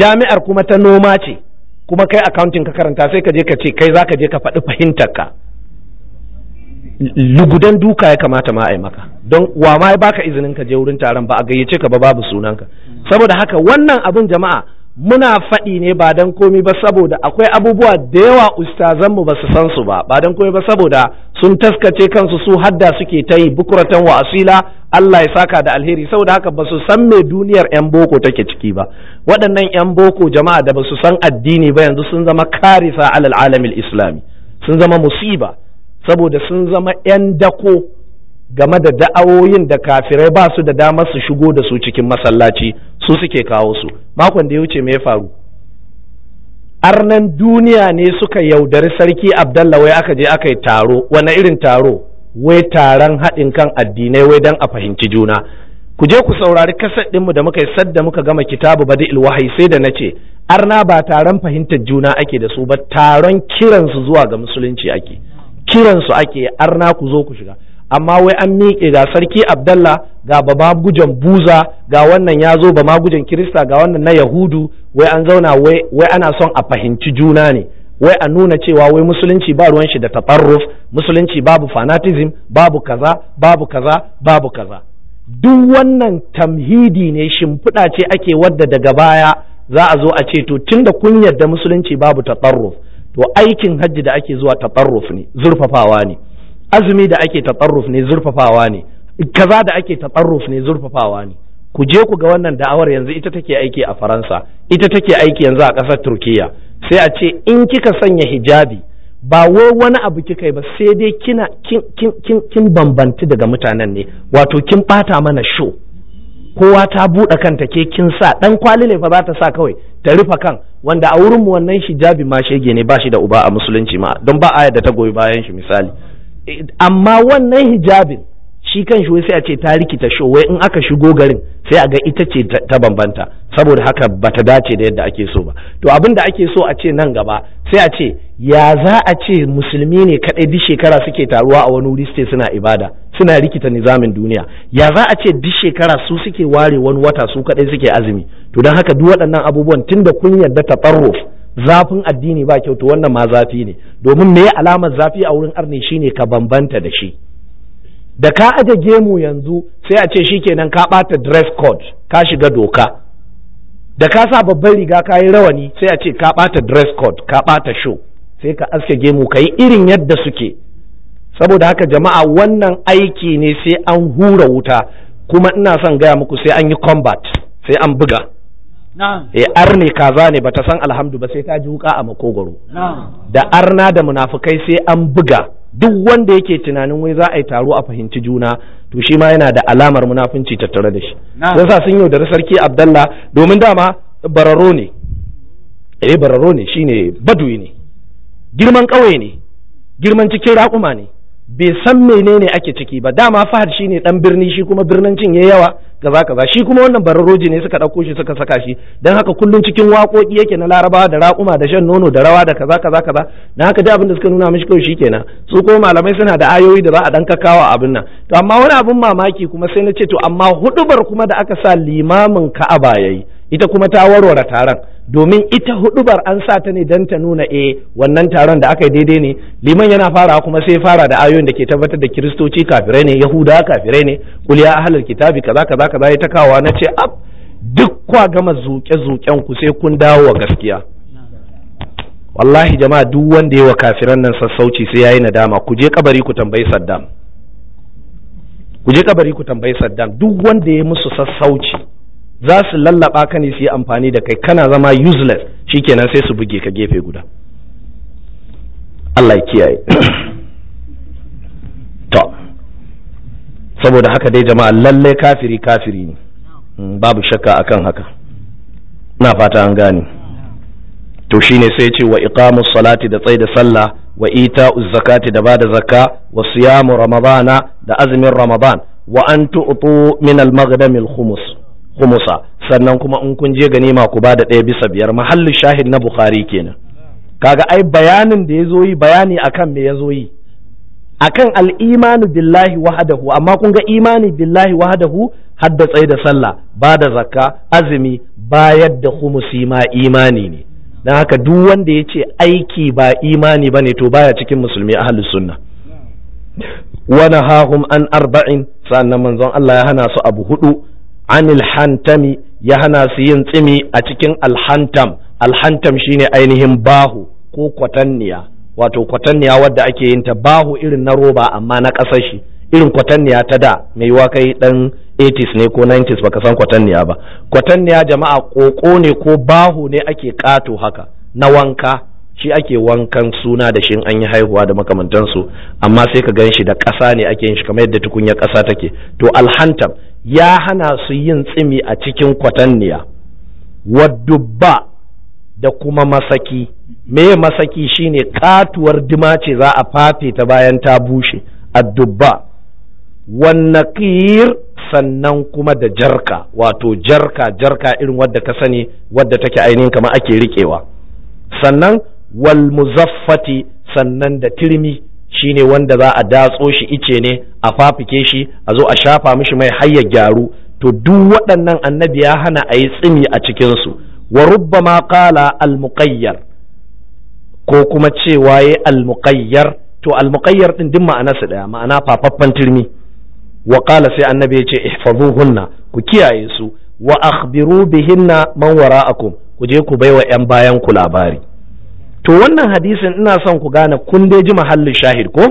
S1: jami'ar kuma ta noma ce kuma kai accounting ka karanta sai ka je ka ce kai zaka je ka faɗi fahimtarka lugudan duka ya kamata ma a maka don wa ma ya baka izinin ka je wurin taron ba a gayyace ka ba babu sunanka saboda haka wannan abun jama'a muna faɗi ne ba dan komi ba saboda akwai abubuwa da yawa ustazanmu ba su san su ba ba dan komi ba saboda sun taskace kansu su hadda suke ta yi bukuratan wa asila Allah ya saka da alheri saboda haka ba su san me duniyar yan boko take ciki ba waɗannan yan boko jama'a da ba su san addini ba yanzu sun zama karisa alal alamil islami sun zama musiba saboda sun zama 'yan dako game da da'awoyin da kafirai ba su da damar su shigo da su cikin masallaci su suke kawo su makon da ya wuce me ya faru arnan duniya ne suka yaudari sarki abdallah wai aka je aka yi taro wani irin taro wai taron haɗin kan addinai wai don a fahimci juna ku je ku saurari kasar ɗinmu da muka yi sadda muka gama kitabu da wahayi sai da na ce arna ba taron fahimtar juna ake da su ba taron kiransu zuwa ga musulunci ake kiransu ake arna ku zo ku shiga amma wai an miƙe ga sarki abdallah ga ba gujan buza ga wannan ya zo bama gujan kirista ga wannan na yahudu wai an zauna wai ana son a fahimci juna ne wai a nuna cewa wai musulunci ba ruwan shi da tafarruf musulunci babu fanatism babu kaza babu kaza babu kaza duk wannan tamhidi ne shimfiɗa ce ake wadda daga baya za a zo a ce to tunda kun yarda musulunci babu tafarruf to aikin hajji da ake zuwa taɓarruf ne zurfafawa ne azumi da ake taɓarruf ne zurfafawa ne kaza da ake taɓarruf ne zurfafawa ne ku je ku ga wannan da'awar yanzu ita take aiki a faransa ita take aiki yanzu a ƙasar turkiya sai a ce in kika sanya hijabi ba wai wani abu kika yi ba sai dai kina kin, kin, kin, daga mutanen ne wato kin ɓata mana sho kowa ta buɗe kanta ke kin sa ɗan kwali ne fa za ta sa kawai ta rufa kan wanda a wurin mu wannan hijabi ma shege ne ba shi da uba a musulunci ma don ba aya da ta goyi bayan shi misali eh, amma wannan hijabin shi kan shi sai a ce ta rikita show wai in aka shigo garin sai a ga ita ce ta bambanta saboda haka ba ta dace da yadda ake so ba to abin da ake so a ce nan gaba sai a ce ya za a ce musulmi ne kadai duk shekara suke taruwa a wani wuri sai suna ibada suna rikita nizamin duniya ya za a ce duk shekara su suke ware wani wata su kadai suke azumi to don haka duk waɗannan abubuwan tunda kun yarda tabarruf zafin addini ba kyau to wannan ma zafi ne domin me alamar zafi a wurin arni shine ka bambanta da shi da ka aje gemu yanzu sai a ce shikenan ka ɓata dress code ka shiga doka da ka sa babban riga ka yi rawani sai a ce ka ɓata dress code ka ɓata show sai ka aske gemu ka yi irin yadda suke saboda haka jama'a wannan aiki ne sai an hura wuta kuma ina son gaya muku sai an yi combat sai an buga e arne kaza ne bata san alhamdu ba sai ta ji wuka a makogoro da arna da munafukai sai an buga duk wanda yake tunanin wai za a yi taro a fahimci juna to shi ma yana da alamar munafunci tattare da shi yasa sun yaudari sarki abdallah domin dama bararo ne eh bararo ne shine baduyi ne girman ƙauye ne girman cikin raƙuma ne bai san menene ake ciki ba dama fahad shi ne dan birni shi kuma birnin cin ya yawa kaza kaza shi kuma wannan bararoji ne suka ɗauko shi suka saka shi dan haka kullum cikin wakoki yake na larabawa da raƙuma da shan nono da rawa da kaza kaza kaza na haka da abin da suka nuna mishi kawai kenan su ko malamai suna da ayoyi da za a dan kakawa abin nan to amma wani abin mamaki kuma sai na ce to amma hudubar kuma da aka sa limamin ka'aba yayi ita kuma ta warware taron domin ita hudubar an sa ta ne don ta nuna e wannan taron da aka yi daidai ne liman yana fara kuma sai fara da ayoyin da ke tabbatar da kiristoci kafirai ne yahuda kafirai ne kuliya a halar kitabi kaza kaza kaza ya takawa na ce ab duk kwa gama zuke zuken ku sai kun dawo wa gaskiya wallahi jama'a duk wanda ya wa kafiran nan sassauci sai yayi nadama ku je kabari ku tambayi Saddam ku je kabari ku tambayi Saddam duk wanda ya musu sassauci za su lallaba ka ne su yi amfani da kai kana zama useless shikenan sai su buge ka gefe guda Allah ya kiyaye to saboda haka dai jama'a lallai kafiri kafiri ne hmm, babu shakka akan haka na fata an gane to shine sai ce wa iqamus salati da da sallah wa Ita'u zakati da bada zakka wa siyamu ramadana da azumin ramadan wa an tu'tu min al-maghdam al-khumus humusa sannan kuma in kun je ganima ku ba da ɗaya bisa biyar mahallin shahid na bukhari kenan kaga ai bayanin da ya zo yi bayani akan me ya zo yi akan al'imanu billahi wahadahu amma kun ga imani billahi wahadahu hadda tsaye da sallah bada zakka azumi bayar da humusi ma imani ne don haka duk wanda ya ce aiki ba imani ba ne to baya cikin musulmi ahlus sunna wani hahum an arba'in sannan manzon Allah ya hana su abu hudu anil hantami ya hana su yin tsimi a cikin alhantam alhantam shine ainihin bahu ko kwatanniya wato kwatanniya wadda ake yin ta bahu irin na roba amma na ƙasar shi irin kwatanniya ta da mai yiwa kai dan 80s ne ko 90s baka san kwatanniya ba kwatanniya jama'a koko ne ko bahu ne ake kato haka na wanka shi ake wankan suna da shi an yi haihuwa da makamantansu amma sai ka gan shi da ƙasa ne ake yin shi kamar yadda tukunya ƙasa take to alhantam ya hana su yin tsimi a cikin kwatanniya wadubba da kuma masaki me masaki shine katuwar dima ce za a fafe ta bayan ta bushe addubba wannaqir sannan kuma da jarka wato jarka jarka irin wadda ka sani wadda take ainihin kama ake riƙewa sannan wal muzaffati sannan da tirmi Shi ne wanda za a datso shi ice ne a fafike shi a zo a shafa mishi mai hayya gyaru to duk waɗannan annabi ya hana a yi tsimi a cikinsu wa Rubba ma kala almuƙayyar. ko kuma cewa ya almuƙayyar? to almuƙayyar ɗin duk ma'anarsa ɗaya ma'ana fafaffan turmi wa kala sai annabi ya ce ihfazuhunna ku kiyaye su wa akhbiru bihinna man wara'akum ku je ku baiwa yan bayan ku labari to wannan hadisin ina son ku gane kun dai ji mahallin shahid ko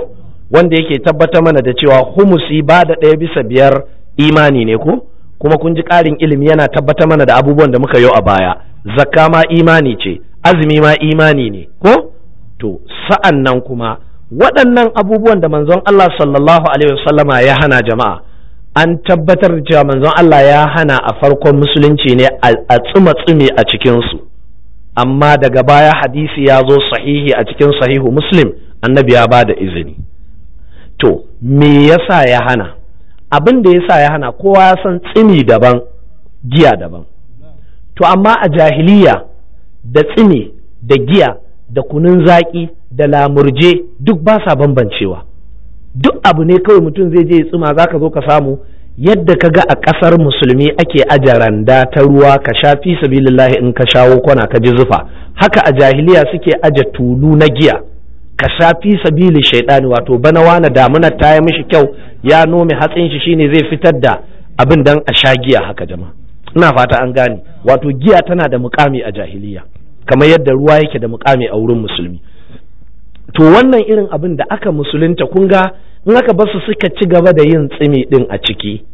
S1: wanda yake tabbata mana da cewa humusi ba da ɗaya bisa biyar imani ne ko kuma kun ji ƙarin ilimi yana tabbata mana da abubuwan da muka yau a baya zakka ma imani ce azumi ma imani ne ko to sa'an nan kuma waɗannan abubuwan da manzon Allah sallallahu alaihi wasallama ya hana jama'a an tabbatar da cewa manzon Allah ya hana a farkon musulunci ne a tsuma tsumi a cikin su amma daga baya hadisi ya zo sahihi a cikin sahihu muslim annabi ya ba da izini to me yasa ya hana abin da yasa ya hana kowa ya san tsini daban giya daban to amma a jahiliya da tsini da giya da kunun zaki da lamurje duk ba sa bambancewa duk abu ne kawai mutum zai je ya tsuma za zo ka samu yadda ka ga a ƙasar musulmi ake aje randa ta ruwa ka sha fi sabilillahi in ka shawo kwana ka ji zufa haka a jahiliya suke aje tulu na giya ka sha fi sabili shaidani wato bana wani damunar ta yi mishi kyau ya nome hatsin shi shine zai fitar da abin dan a sha giya haka jama'a ina fata an gane wato giya tana da mukami a jahiliya kamar yadda ruwa yake da mukami a wurin musulmi to wannan irin abin da aka musulunta kun ga in aka su suka ci gaba da yin tsimi din a ciki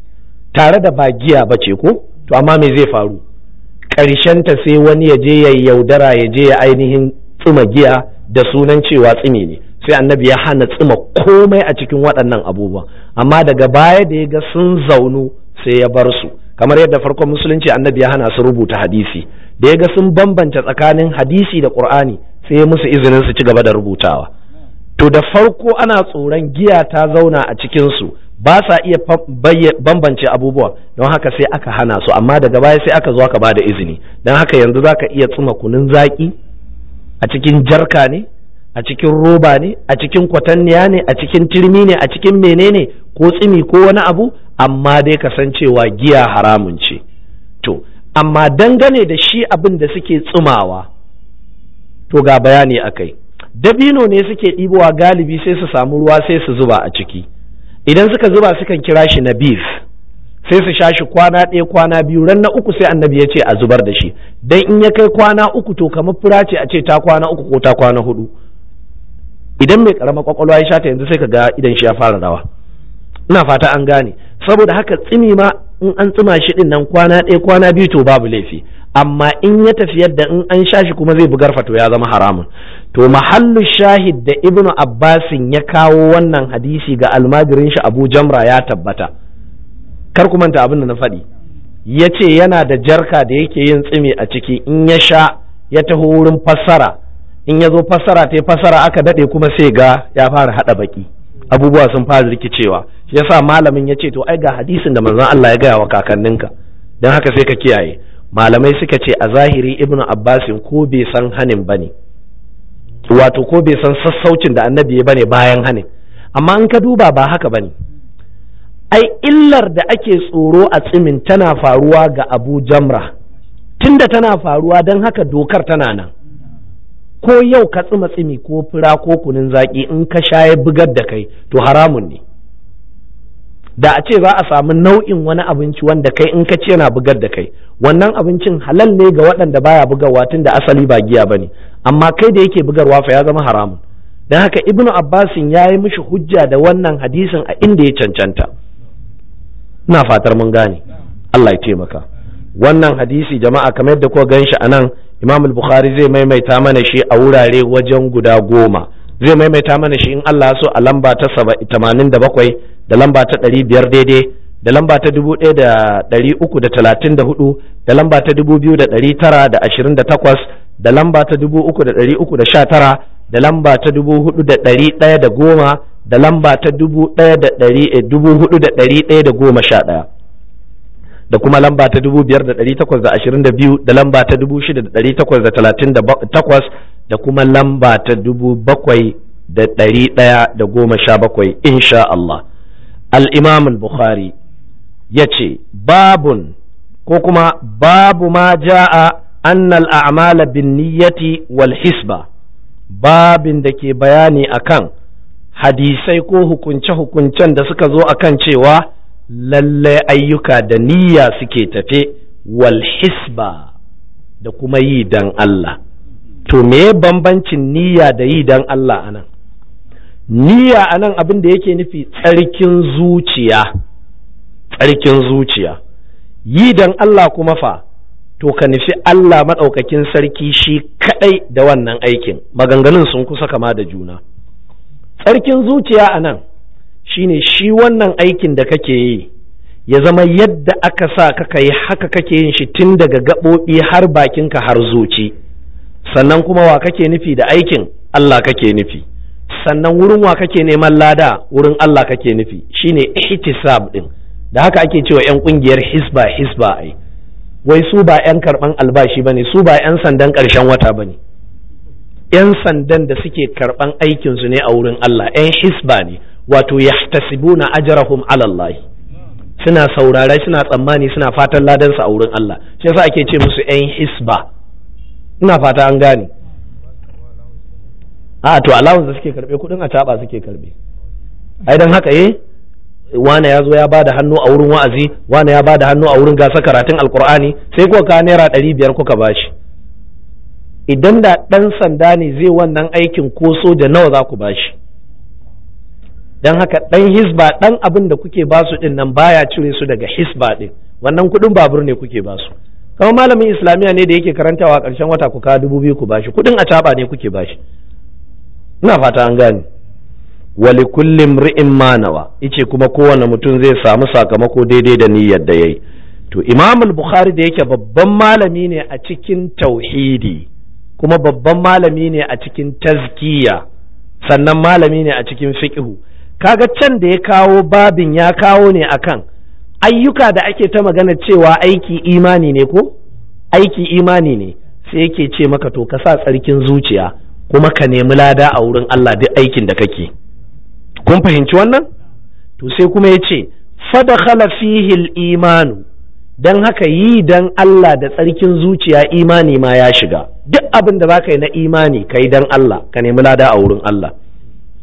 S1: tare da ba giya ba ce ko to amma me zai faru ta sai wani ya je ya yaudara ya je ya ainihin tsima giya da sunan cewa tsimi ne sai annabi ya hana tsima komai a cikin waɗannan abubuwa amma daga baya da ya ga sun zaunu sai ya bar su kamar yadda farkon musulunci annabi ya hana su rubuta hadisi da ya ga sun bambanta tsakanin hadisi da Ƙur'ani sai ya musu izinin su ci gaba da rubutawa to da farko ana tsoron giya ta zauna a cikinsu ba sa iya bambance abubuwa don haka sai aka hana su amma daga baya sai aka zo aka ba da izini don haka yanzu za ka iya tsuma kunun zaki a cikin jarka ne a cikin roba ne a cikin kwatanniya ne a cikin turmi ne a cikin menene ko tsimi ko wani abu amma dai kasancewa giya haramun ce to amma dangane da shi abin da suke tsumawa to ga bayani akai dabino ne suke ɗibowa galibi sai su samu ruwa sai su zuba a ciki idan suka zuba sukan kira shi nabis sai su sha shi kwana ɗaya kwana biyu ran na uku sai annabi ya ce a zubar da shi dan in ya kai kwana uku to kamar fura ce a ce ta kwana uku ko ta kwana hudu idan mai karama kwakwalwa ya sha ta yanzu sai ka ga idan shi ya fara rawa ina fata an gane saboda haka tsimi ma in an tsima shi din nan kwana ɗaya kwana biyu to babu laifi amma in ya tafi yadda in an sha shi kuma zai bugar fato ya zama haramun to mahallu shahid da ibnu abbasin ya kawo wannan hadisi ga almajirin shi abu jamra ya tabbata kar ku manta abin da na faɗi ya ce yana da jarka da yake yin tsimi a ciki in ya sha ya taho wurin fassara in ya zo fassara ta fassara aka daɗe kuma sai ga ya fara haɗa baki abubuwa sun fara rikicewa ya sa malamin ya ce to ai ga hadisin da manzon Allah ya gaya wa kakanninka don haka sai ka kiyaye malamai suka ce a zahiri ibnu abbasin ko bai san hanin ne. wato ko bai san sassaucin da annabi ya bane bayan hanin amma in ka duba ba haka bane ai illar da ake tsoro a tsimin tana faruwa ga abu jamra tunda tana faruwa don haka dokar tana nan ko yau ka tsima tsimi ko fura ko kunin zaki in ka sha ya bugar da kai to haramun ne da a ce za a samu nau'in wani abinci wanda kai in ka ce yana bugar da kai wannan abincin halal ne ga waɗanda baya bugawa tun da asali ba giya ba ne. amma kai da yake bugarwa fa ya zama haramun don haka ibnu abbasin ya yi mishi hujja da wannan hadisin a inda ya cancanta ina fatar mun gane Allah ya taimaka wannan hadisi jama'a kamar yadda kuka gan shi a nan imam bukhari zai maimaita mana shi a wurare wajen guda goma zai maimaita mana shi in Allah so a lamba ta 87 da lamba ta 500 daidai da lamba ta 1334 da lamba ta 2928 da lamba ta dubu uku da ɗari uku da sha tara da lamba ta dubu hudu da ɗari ɗaya da goma da lamba ta dubu ɗaya da ɗari eh, dubu hudu da ɗari ɗaya da goma sha ɗaya da kuma lamba ta dubu biyar da ɗari takwas da ashirin da biyu da lamba ta dubu shida da ɗari takwas da talatin da takwas da kuma lamba ta dubu bakwai da ɗari ɗaya da goma sha bakwai insha Allah al-imam al-bukhari ya ce babun ko kuma babu ma ja'a annal a'mala bin niyyati Walhisba, babin da ke bayani akan hadisai ko hukunce-hukuncen da suka zo akan cewa lallai ayyuka da niyya suke tafe wal hisba da kuma yi dan Allah to me bambancin niyya da yi dan Allah anan niyya anan abin da yake nufi tsarkin zuciya tsarkin zuciya yi dan Allah kuma fa to ka nufi Allah maɗaukakin sarki shi kaɗai da wannan aikin maganganun sun kusa kama da juna tsarkin zuciya a nan shi ne shi wannan aikin da kake yi ya zama yadda aka sa ka yi haka kake yin shi tun daga gaɓoɓi har bakinka har zuci sannan kuma wa kake nufi da aikin Allah kake nufi sannan wurin wa kake neman lada wurin Allah kake nufi shine ihtisab ɗin. da haka ake cewa yan ƙungiyar hisba hisba ai wai su ba 'yan karɓan albashi ba ne su ba 'yan sandan ƙarshen wata ba ne 'yan sandan da suke karɓan aikinsu ne a wurin Allah 'yan hisba ne wato yahtasibuna na ajarahum alallahi suna saurare suna tsammani suna fatan ladansu a wurin Allah shi yasa ake ce musu 'yan hisba ina fata an gane a to allowance suke karbe kuɗin a taɓa suke karbe ai dan haka eh wane ya zo ya ba da hannu a wurin wa'azi wane ya ba da hannu a wurin gasa karatun alkur'ani sai kuka ka naira ɗari biyar kuka ba shi idan da ɗan sanda ne zai wannan aikin ko soja nawa za ku ba shi don haka ɗan hisba ɗan abin da kuke ba su ɗin nan baya cire su daga hisba ɗin wannan kuɗin babur ne kuke ba su kamar malamin islamiyya ne da yake karantawa a ƙarshen wata ku ka dubu biyu ku ba shi kuɗin a ne kuke ba shi ina fata an gane wali kullum ri'in manawa ice kuma kowane mutum zai samu sakamako daidai da niyyar da yayi to Imamul bukhari da yake babban malami ne a cikin tauhidi kuma babban malami ne a cikin tazkiya sannan malami ne a cikin fiqhu kaga can da ya kawo babin ya kawo ne akan ayyuka da ake ta magana cewa aiki imani ne ko aiki imani ne sai yake ce maka to ka sa tsarkin zuciya kuma ka nemi lada a wurin Allah duk aikin da kake kun fahimci wannan to sai kuma ya ce fadakhala fihi imanu dan haka yi dan Allah da tsarkin zuciya imani ma ya shiga duk abin da baka yi na imani kai dan Allah ka nemi lada a wurin Allah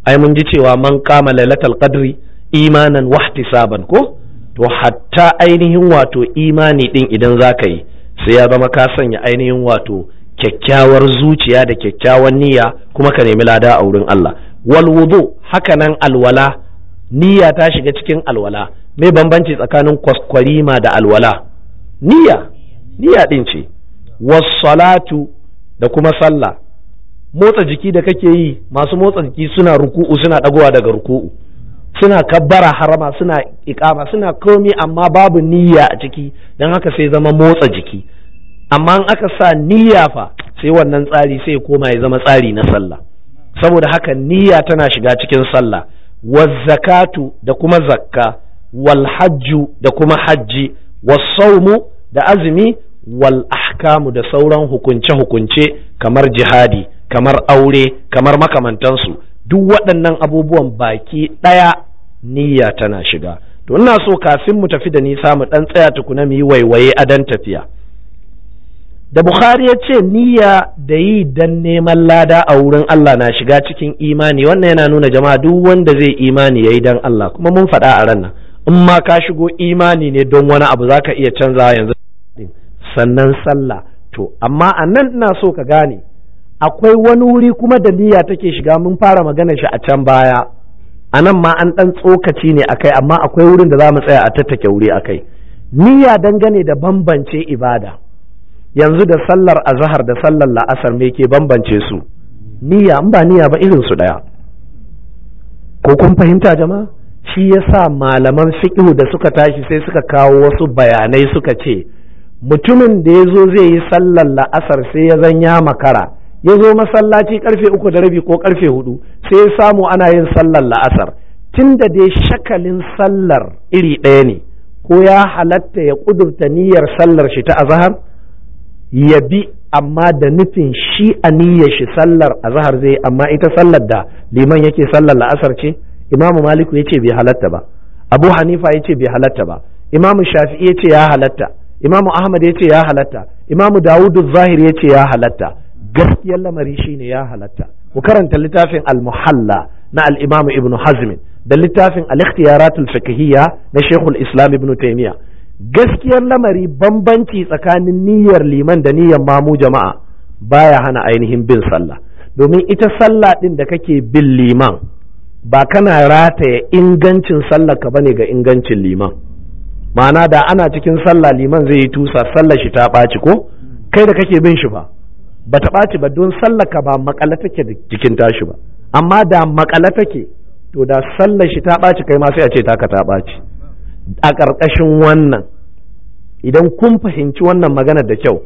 S1: ai mun ji cewa man kama lailatul qadri imanan wahtisaban ko to hatta ainihin wato imani din idan zaka yi sai ya zama ka sanya ainihin wato kyakkyawar zuciya da kyakkyawan niyya kuma ka nemi lada a wurin Allah walwudu haka nan alwala niyya ta shiga cikin alwala me bambanci tsakanin kwaskwarima da alwala niyya niyya din ce wassalatu da kuma sallah motsa jiki da kake yi masu motsa jiki suna ruku'u suna dagowa daga ruku'u suna kabbara harama suna ikama suna komi amma babu niyya a ciki don haka sai zama motsa jiki amma in aka sa niyya fa sai wannan tsari sai koma ya zama tsari na sallah saboda haka niyya tana shiga cikin sallah zakatu da kuma zakka wal hajju da kuma hajji saumu da azumi wal ahkamu da sauran hukunce hukunce kamar jihadi kamar aure kamar makamantansu duk waɗannan abubuwan baki ɗaya niyya tana shiga to ina so kafin mu tafi da nisa mu ɗan tsaya tukuna mu yi waiwaye a dan tafiya da bukhari ya ce niyya da yi dan neman lada a wurin Allah na shiga cikin imani wannan yana nuna jama'a duk wanda zai imani yayi dan Allah kuma mun faɗa a ran in ma ka shigo imani ne don wani abu za ka iya canza yanzu sannan sallah to amma a nan ina so ka gane akwai wani wuri kuma da niyya take shiga mun fara magana shi a can baya a nan ma an ɗan tsokaci ne a kai, amma akwai wurin da za mu tsaya a tattake wuri a kai. niyya dangane da bambance ibada yanzu da sallar azahar da sallar la'asar me ke bambance su niyya in ba niyya ba irin su ɗaya ko kun fahimta jama'a shi yasa malaman fiqhu da suka tashi sai suka kawo wasu bayanai suka ce mutumin da ya zo zai yi sallar la'asar sai ya zan ya makara ya zo masallaci karfe uku da rabi ko karfe hudu sai ya samu ana yin sallar la'asar tun da dai shakalin sallar iri ɗaya ne ko ya halatta ya ƙudurta niyyar sallar shi ta azahar ya bi amma da nufin shi aniyar shi sallar azahar zai amma ita sallar da liman yake sallar la'asar ce imamu maliku ya ce bai halatta ba abu hanifa ya ce bai halatta ba imamu shafi'i ya ce ya halatta imamu ahmad ya ce ya halatta imamu dawudu zahir ya ce ya halatta gaskiyar lamari shine ya halatta ku karanta littafin al-muhalla na al-imamu ibnu hazmin da littafin al-ikhtiyaratul fiqhiyya na shekul islam ibnu taymiya gaskiyar lamari bambanci tsakanin niyyar liman da niyyar mamu jama'a baya hana ainihin bin sallah domin ita sallah ɗin da kake bin liman ba kana rataya ingancin sallah ka bane ga ingancin liman ma'ana da ana cikin sallah liman zai yi tusa sallah shi ta ɓaci ko kai da kake bin shi ba ba ta ɓaci ba don sallah ka ba makala take da jikin tashi ba amma da makala take to da sallah shi ta ɓaci kai ma sai a ce taka ta ɓaci a ƙarƙashin wannan idan kun fahimci wannan maganar da kyau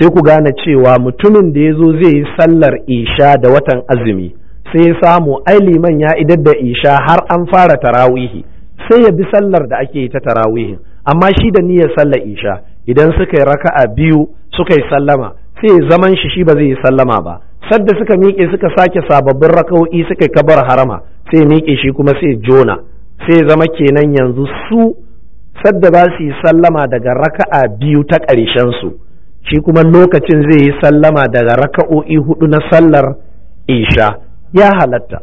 S1: sai ku gane cewa mutumin da ya zo zai yi sallar isha da watan azumi sai ya samu ai liman ya idar da isha har an fara tarawihi sai ya bi sallar da ake yi ta tarawihi, amma shi da niyyar sallar isha idan suka yi raka'a biyu suka yi sallama sai ya zaman shi shi ba zai yi sallama ba sadda suka miƙe suka sake sababbin raka'o'i suka yi kabar harama sai miƙe shi kuma sai jona sai zama kenan yanzu su sadda za su yi sallama daga raka'a biyu ta ƙarshen su shi kuma lokacin zai yi sallama daga raka'o'i hudu na sallar isha ya halatta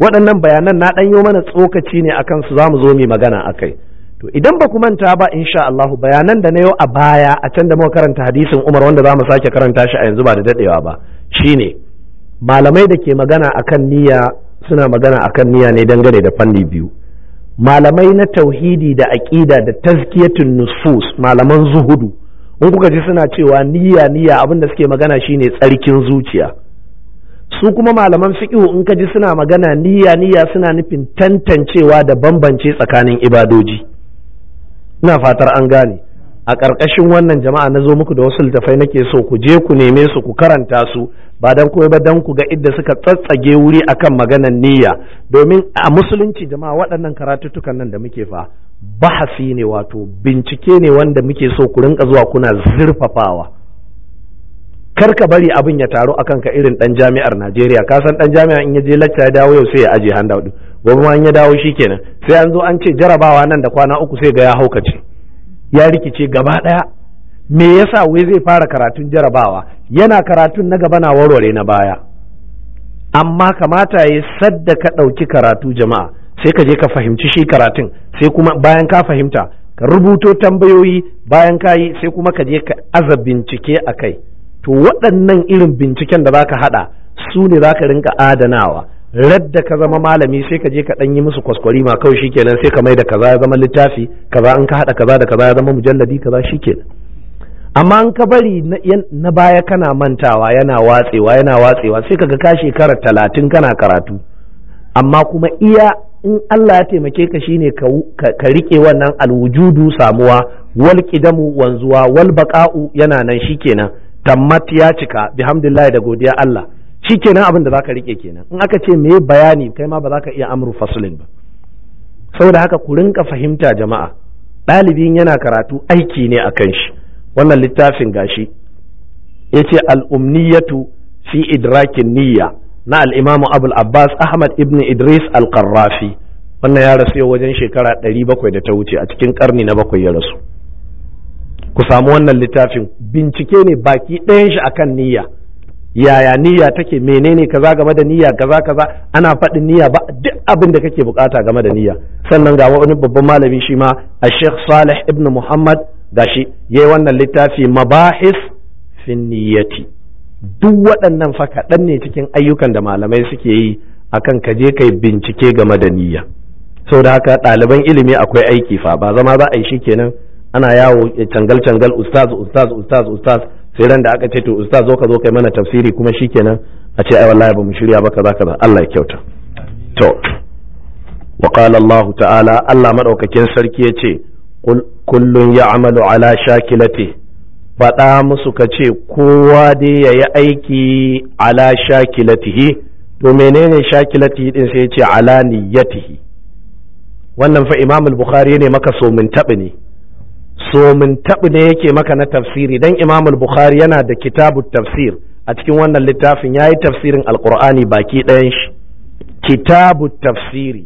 S1: waɗannan bayanan na ɗanyo mana tsokaci ne a kansu za mu zo mu magana a kai to idan ba ku manta ba insha Allahu bayanan da na yau a baya a can da muka karanta hadisin Umar wanda za mu sake karanta shi a yanzu ba da daɗewa ba shine malamai da ke magana akan niyya suna magana akan niyya ne dangane da fanni biyu malamai na tauhidi da aƙida da tazkiyatun nufus malaman zuhudu in kuka ji suna cewa niyya niyya abin da suke magana shine tsarkin zuciya su kuma malaman fiqhu in ka ji suna magana niyya niyya suna nufin tantancewa da bambance tsakanin ibadoji ina fatar an gane a ƙarƙashin wannan jama'a na zo muku da wasu littafai nake so ku je ku neme su ku karanta su ba dan kuma ba dan ku ga idda suka tsatsage wuri akan maganar niyya domin a musulunci jama'a waɗannan karatuttukan nan da muke fa bahasi ne wato bincike ne wanda muke so ku rinka zuwa kuna zurfafawa kar ka bari abin ya taru akan ka irin dan jami'ar Najeriya ka san dan jami'a in ya je lacca ya dawo yau sai ya aje handout gobe ma in ya dawo shikenan sai an zo an ce jarabawa nan da kwana uku sai ga ya haukace ya rikice gaba ɗaya me yasa wai zai fara karatun jarabawa yana karatun na gaba na warware na baya amma kamata ya sadda ka ɗauki karatu jama'a sai ka je ka fahimci shi karatun sai kuma bayan ka fahimta ka rubuto tambayoyi bayan ka yi sai kuma ka je ka aza bincike a kai to waɗannan irin binciken da za ka haɗa su ne za ka rinka adanawa radda ka zama malami sai ka je ka dan yi musu kwaskwari ma kawai shikenan sai ka mai da kaza ya zama littafi kaza an ka hada kaza da kaza ya zama mujalladi kaza shikenan amma in ka bari na baya kana mantawa yana watsewa yana watsewa sai kaga ka shekara talatin kana karatu amma kuma iya in Allah ya taimake ka shine ka rike wannan alwujudu samuwa wal qidamu wanzuwa wal baqa'u yana nan shikenan tammat ya cika bihamdillah da godiya Allah shi kenan abin da za ka rike kenan in aka ce me bayani kai ma ba za ka iya amru fasulin? ba saboda haka ku rinka fahimta jama'a ɗalibin yana karatu aiki ne a kan shi wannan littafin gashi ya ce al'umniyatu fi idrakin niyya na al'imamu abul abbas ahmad ibn idris al-qarrafi wannan ya rasu yau wajen shekara ɗari bakwai da ta wuce a cikin ƙarni na bakwai ya rasu ku samu wannan littafin bincike ne baki ɗayan shi akan niyya yaya niyya take menene kaza game da niyya kaza kaza ana faɗin niyya ba duk abin da kake bukata game da niyya sannan ga wani babban malami shi ma a sheikh salih ibn muhammad gashi yayi wannan littafi mabahis fi niyyati duk waɗannan fa kaɗan ne cikin ayyukan da malamai suke yi akan ka je kai bincike game da niyya da haka ɗaliban ilimi akwai aiki fa ba zama za a yi shi kenan ana yawo eh, cangal cangal ustaz ustaz ustaz ustaz sai ran da aka ce to ustaz zo ka zo kai mana tafsiri kuma shikenan a ce ai wallahi ba mu shirya ba kaza kaza Allah ya kyauta to wa qala Allah ta'ala Allah madaukakin sarki yace kullun ya'malu ala shakilati faɗa musu ka ce kowa dai ya yi aiki ala shakilatihi to menene shakilatihi din sai ya ce ala niyyatihi wannan fa imam bukhari ne maka so min taɓa ne so min taɓi ne yake maka na tafsiri dan imam bukhari yana da kitabu tafsir a cikin wannan littafin ya yi tafsirin alkur'ani baki ɗayan shi kitabu tafsiri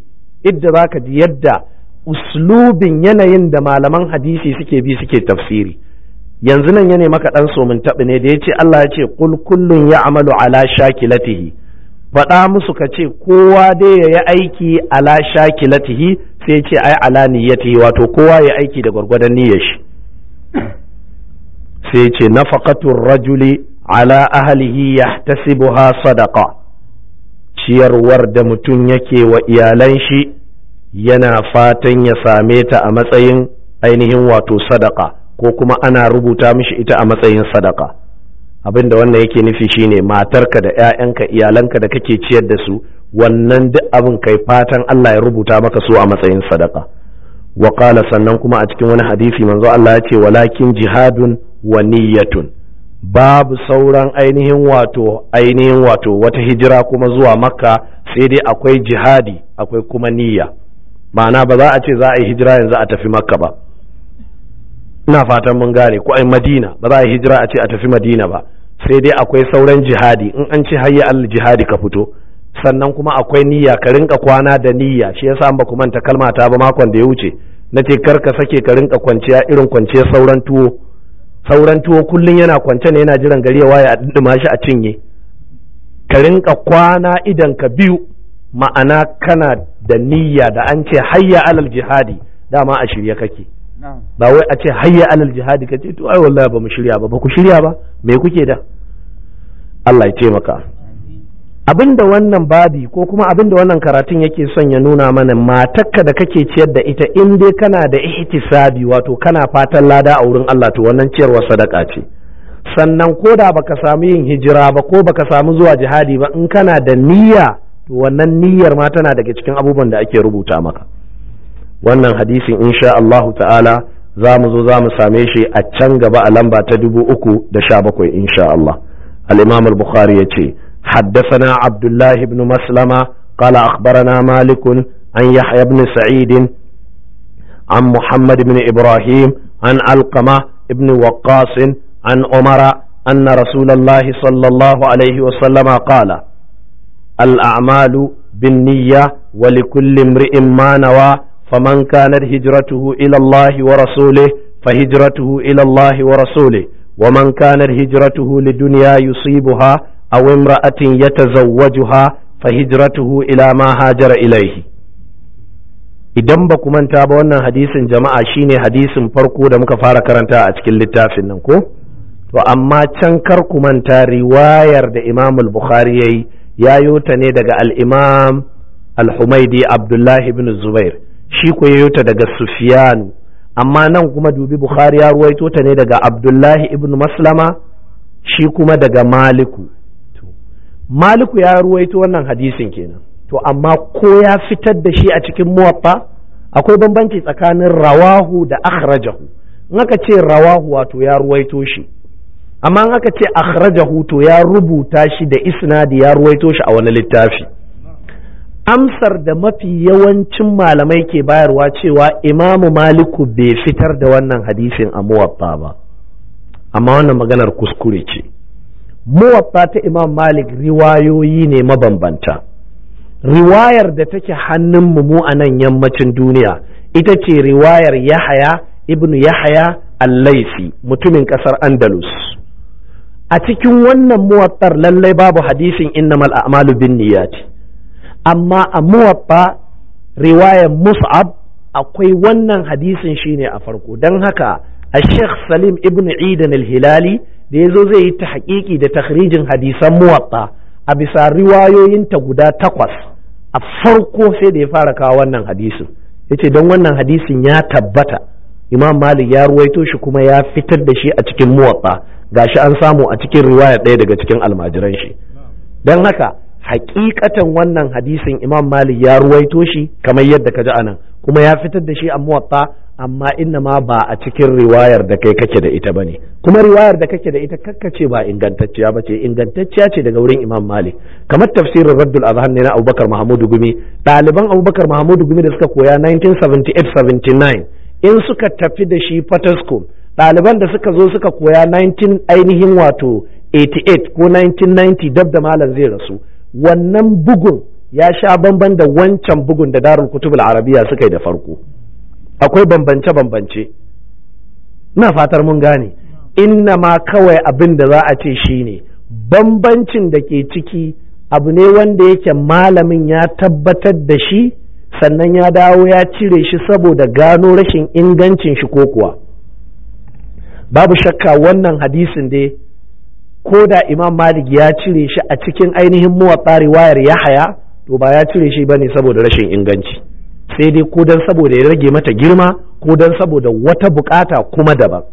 S1: idda za ka ji yadda uslubin yanayin da malaman hadisi suke bi suke tafsiri yanzu nan ya maka ɗan min taɓi ne da ya ce Allah ya ce kul kullun ya amalu ala shakilatihi faɗa musu ka ce kowa dai ya yi aiki ala shakilatihi sai ce ai ala niyyati wato kowa ya aiki da gwargwadon niyyar shi sai ce nafaqatur rajuli ala ahlihi yahtasibuha sadaqa ciyarwar da mutum yake wa iyalan shi yana fatan ya same ta a matsayin ainihin wato sadaka ko kuma ana rubuta mishi ita a matsayin sadaka abinda wannan yake nufi shine matarka da 'ya'yanka iyalanka da kake ciyar da su wannan duk abin kai fatan Allah ya rubuta maka so a matsayin sadaka wa qala sannan kuma a cikin wani hadisi manzo Allah ya ce walakin jihadun wa niyyatun babu sauran ainihin wato ainihin wato wata hijira kuma zuwa makka sai dai akwai jihadi akwai kuma niyya ma'ana ba za a ce za a yi hijira yanzu a tafi makka ba ina fatan mun gane ko ai madina ba za a yi hijira a ce a tafi madina ba sai dai akwai sauran jihadi in an ce hayya al jihadi ka fito sannan kuma akwai niyya ka rinka kwana da niyya shi yasa ba ku manta kalma ta ba makon da ya wuce na ce kar ka sake ka rinka kwanciya irin kwanciya sauran tuwo sauran tuwo kullum yana kwance ne yana jiran gari ya waye a dindima shi a cinye ka rinka kwana idan ka biyu ma'ana kana da niyya da an ce hayya alal jihadi dama a shirye kake ba wai a ce hayya alal jihadi kace to ai wallahi ba mu shirya ba ba ku shirya ba me kuke da Allah ya taimaka Abin da wannan babi ko kuma abin da wannan karatun yake son ya nuna mana matakka da kake ciyar da ita in dai kana da ihtisabi wato kana fatan lada a wurin Allah to wannan ciyarwa sadaka ce sannan ko da baka samu yin hijira ba ko baka samu zuwa jihadi ba in kana da niyya to wannan niyyar ma tana daga cikin abubuwan da ake rubuta maka wannan hadisin insha Allah ta'ala za mu zo za mu same shi a can gaba a lamba ta dubu uku da sha bakwai insha Allah al-Imam al-Bukhari ya ce حدثنا عبد الله بن مسلمة قال أخبرنا مالك عن يحيى بن سعيد عن محمد بن إبراهيم عن علقمة بن وقاص عن عمر أن رسول الله صلى الله عليه وسلم قال الأعمال بالنية ولكل امرئ ما نوى فمن كانت هجرته إلى الله ورسوله فهجرته إلى الله ورسوله ومن كانت هجرته لدنيا يصيبها أو امرأة يتزوجها fa إلى ila هاجر hajara ilaihi idan ba ku manta ba wannan hadisin jama'a shine hadisin farko da muka fara karanta a cikin littafin nan ko to amma can kar ku manta riwayar da Imam al-Bukhari yayi yayo ta ne daga al-Imam al humaydi Abdullah ibn Zubair shi ko yayo ta daga Sufyan amma nan kuma dubi Bukhari ya ruwaito ta ne daga Abdullah ibn Maslama shi kuma daga Maliku maliku ya ruwaito wannan hadisin kenan to amma ko ya fitar da shi a cikin muwaffa akwai bambanci tsakanin rawahu da akhrajahu in aka ce rawahu wato ya ruwaito shi amma in aka ce akhrajahu to ya rubuta shi da isnadi ya ruwaito shi a wani littafi amsar da mafi yawancin malamai ke bayarwa cewa imamu maliku bai fitar da wannan hadisin a muwaffa ba amma wannan maganar kuskure ce muwatta ta imam malik riwayoyi ne mabambanta riwayar da take hannun mu a nan yammacin duniya ita ce riwayar yahaya ibnu yahaya al-laifi mutumin kasar andalus a cikin wannan muwattar lallai babu hadisin innamal a'malu bin niyyati amma a muwatta riwayar mus'ab akwai wannan hadisin shine a farko dan haka a sheikh salim Ibnu idan al-hilali da ya zo zai yi ta haƙiƙi da takhrijin hadisan muwatta a bisa riwayoyinta guda takwas a farko sai da ya fara kawo wannan hadisin ya ce don wannan hadisin ya tabbata imam malik ya ruwaito shi kuma ya fitar da shi a cikin muwatta shi an samu a cikin riwaya ɗaya daga cikin almajiran shi don haka hakikatan wannan hadisin imam malik ya ruwaito shi kamar yadda ka ji anan kuma ya fitar da shi a muwatta amma inna ma ba a cikin riwayar da kai kake da ita bane kuma riwayar da kake da ita kakkace ba ingantacciya ba ce ingantacciya ce daga wurin imam malik kamar tafsirin raddul azhan ne na abubakar mahamudu gumi ɗaliban abubakar mahamudu gumi da suka koya 1978-79 in suka tafi da shi fataskum ɗaliban da suka zo suka koya 19 ainihin wato 88 ko 1990 dab da malam zai rasu wannan bugun ya sha bamban da wancan bugun da darul kutubul arabiya suka yi da farko akwai bambance bambance na fatar mun gane inna ma kawai abin da za a ce shine bambancin da ke ciki abu ne wanda yake malamin ya tabbatar da shi sannan ya dawo ya cire shi saboda gano rashin ingancin shi ko kuwa babu shakka wannan hadisin dai ko da imam malik ya cire shi a cikin ainihin wayar riwayar yahaya to ba ya cire shi bane saboda rashin inganci sai dai ko dan saboda ya rage mata girma ko dan saboda wata bukata kuma daban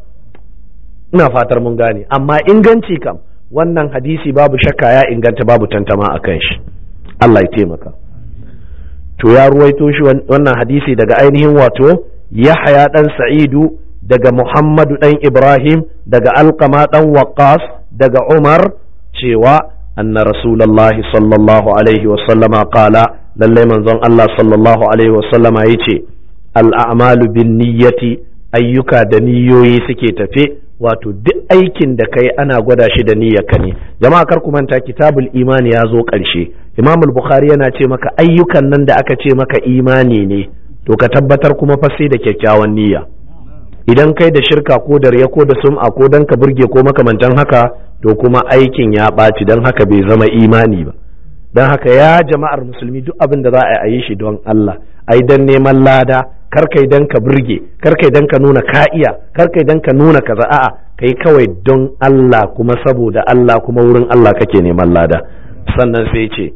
S1: ina fatar mun gane amma inganci kam wannan hadisi babu shakka ya inganta babu tantama a kan shi Allah ya taimaka to ya ruwaito shi wannan hadisi daga ainihin wato Yahaya dan Sa'idu daga Muhammadu dan Ibrahim daga Alqama dan Waqqas daga Umar cewa أن رسول الله صلى الله عليه وسلم قال للي من ظن الله صلى الله عليه وسلم يتي الأعمال بالنية أيك دنيوي سكيت في wato duk aikin da kai ana gwada shi da ka ne jama'a kar ku manta kitabul imani ya zo ƙarshe imam bukhari yana ce maka ayyukan nan da aka ce maka imani ne to ka tabbatar kuma fa sai da kyakkyawan niyya idan kai da shirka ko da riya ko da sum'a ko dan ka burge ko makamantan haka to kuma aikin ya ɓaci don haka bai zama imani ba don haka ya jama'ar musulmi duk abin da za a yi shi don Allah ai dan neman lada kar kai dan ka burge kar kai dan ka nuna ka'iya. iya kar kai dan ka nuna ka a'a kai kawai don Allah kuma saboda Allah kuma wurin Allah kake neman lada sannan sai ce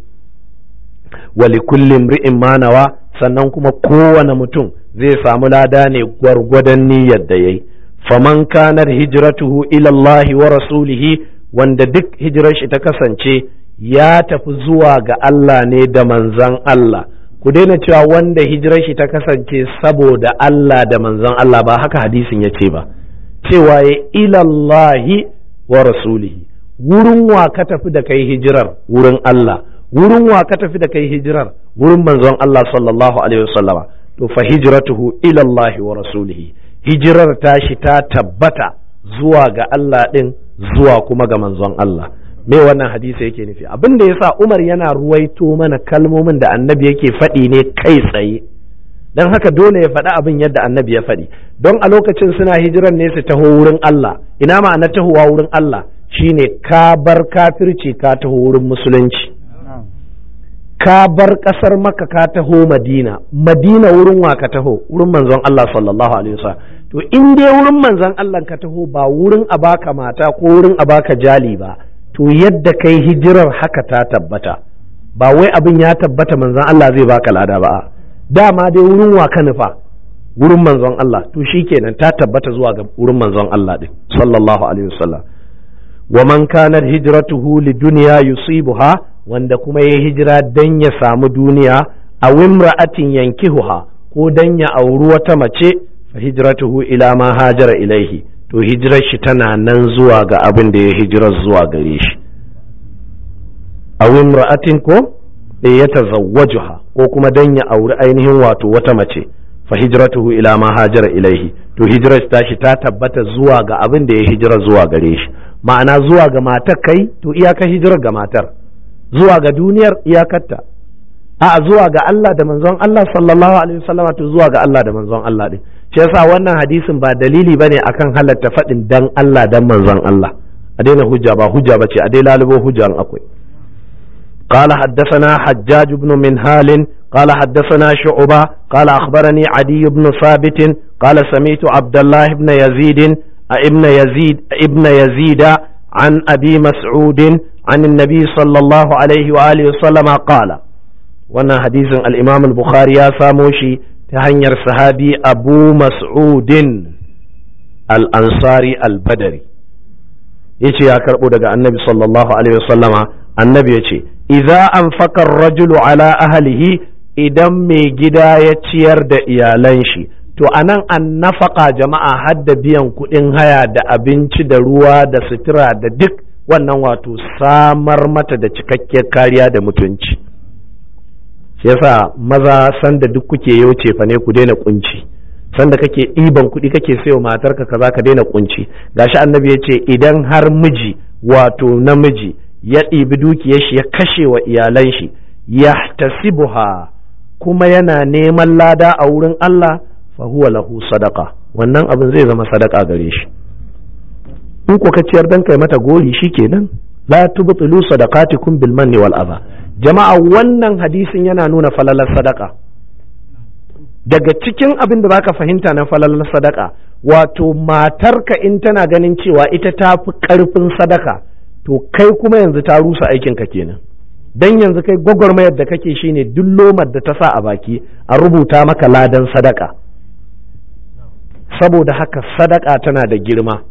S1: wali kullum ri'in manawa sannan kuma kowane mutum zai samu lada ne gwargwadon niyyar da yayi faman kanar hijratuhu ila Allah wa rasulihi wanda duk hijirar shi ta kasance ya tafi zuwa ga Allah ne da manzan Allah ku daina cewa wanda hijirar shi ta kasance saboda Allah da manzan Allah ba haka hadisin ya ce ba cewa ya ilallahi wa rasulihi wurin wa ka tafi da kai hijirar wurin Allah wurin wa ka tafi da kai hijirar wurin manzon Allah sallallahu alaihi wasallama to fa hijratuhu ilallahi wa rasulihi hijirar shi ta tabbata zuwa ga Allah din zuwa kuma ga manzon Allah me wannan hadisi yake nufi abin da yasa Umar yana ruwaito mana kalmomin da annabi yake faɗi ne kai tsaye don haka dole ya faɗi abin yadda annabi ya faɗi don a lokacin suna hijiran ne su taho wurin Allah ina ma'ana tahowa wurin Allah shine ka bar kafirci ka taho wurin musulunci ka bar ƙasar maka ka taho madina madina wurin wa ka taho wurin manzon Allah sallallahu alaihi wasallam to in dai wurin manzon Allah ka taho ba wurin a baka mata ko wurin a baka jali ba to yadda kai hijirar haka ta tabbata ba wai abin ya tabbata manzon Allah zai baka lada ba dama dai wurin wa ka nufa wurin manzon Allah to shikenan ta tabbata zuwa ga wurin manzon Allah din sallallahu alaihi wasallam wa man kanat hijratuhu lidunya yusibuha wanda kuma ya hijira dan ya samu duniya a wimra'atin yankihuha ko dan ya auri wata mace fa hijratuhu ila ma hajara ilaihi to hijirar shi tana nan zuwa ga abin da ya hijirar zuwa gare shi a wimra'atin ko e, ya tazawwajuha ko kuma dan ya auri ainihin wato wata mace fa hijratuhu ila ma hajara ilaihi to ta shi ta tabbata zuwa ga abin da ya hijira zuwa gare shi ma'ana zuwa ga matar kai to iya ka hijirar ga matar zuwa ga duniyar iyakarta a zuwa ga Allah da manzon Allah sallallahu alaihi wasallam to zuwa ga Allah da manzon Allah din shi yasa wannan hadisin ba dalili bane akan halatta fadin dan Allah dan manzon Allah a daina hujja ba hujja bace a dai lalubo hujjan akwai قال حدثنا حجاج بن منهال قال حدثنا شعبة قال أخبرني عدي بن ثابت قال سمعت عبد الله بن يزيد ابن يزيد ابن يزيد عن أبي مسعود عن النبي صلى الله عليه وآله وسلم قال وانا حديث الإمام البخاري يا ساموشي تهنير صحابي أبو مسعود الأنصاري البدري yace ya karɓo daga annabi sallallahu alaihi wasallama annabi yace idza anfaqa ar-rajulu ala ahlihi idan mai gida ya ciyar da iyalan shi to anan an nafaka jama'a hadda biyan kuɗin haya da abinci da ruwa da sutura da duk wannan wato samar mata da cikakkiyar kariya da mutunci shi yasa maza sanda duk kuke yauce fa ne ku daina kunci sanda kake ɗiban kuɗi kake sayo matarka kaza ka daina kunci gashi annabi ya ce idan har miji wato namiji ya ɗibi dukiyar shi ya kashe wa iyalan shi ya tasibuha kuma yana neman lada a wurin Allah fa huwa lahu sadaka wannan abin zai zama sadaka gare shi in ko ka ciyar dan kai mata gori shikenan la tubtilu sadaqatikum bil manni wal adha jama'a wannan hadisin yana nuna falalar sadaka daga cikin abin da baka fahimta na falalar sadaka wato matarka in tana ganin cewa ita ta fi karfin sadaka to kai kuma yanzu ta rusa aikin ka kenan dan yanzu kai gwagwarmayar da kake shine dullo lomar da ta sa a baki a rubuta maka ladan sadaka saboda haka sadaka tana da girma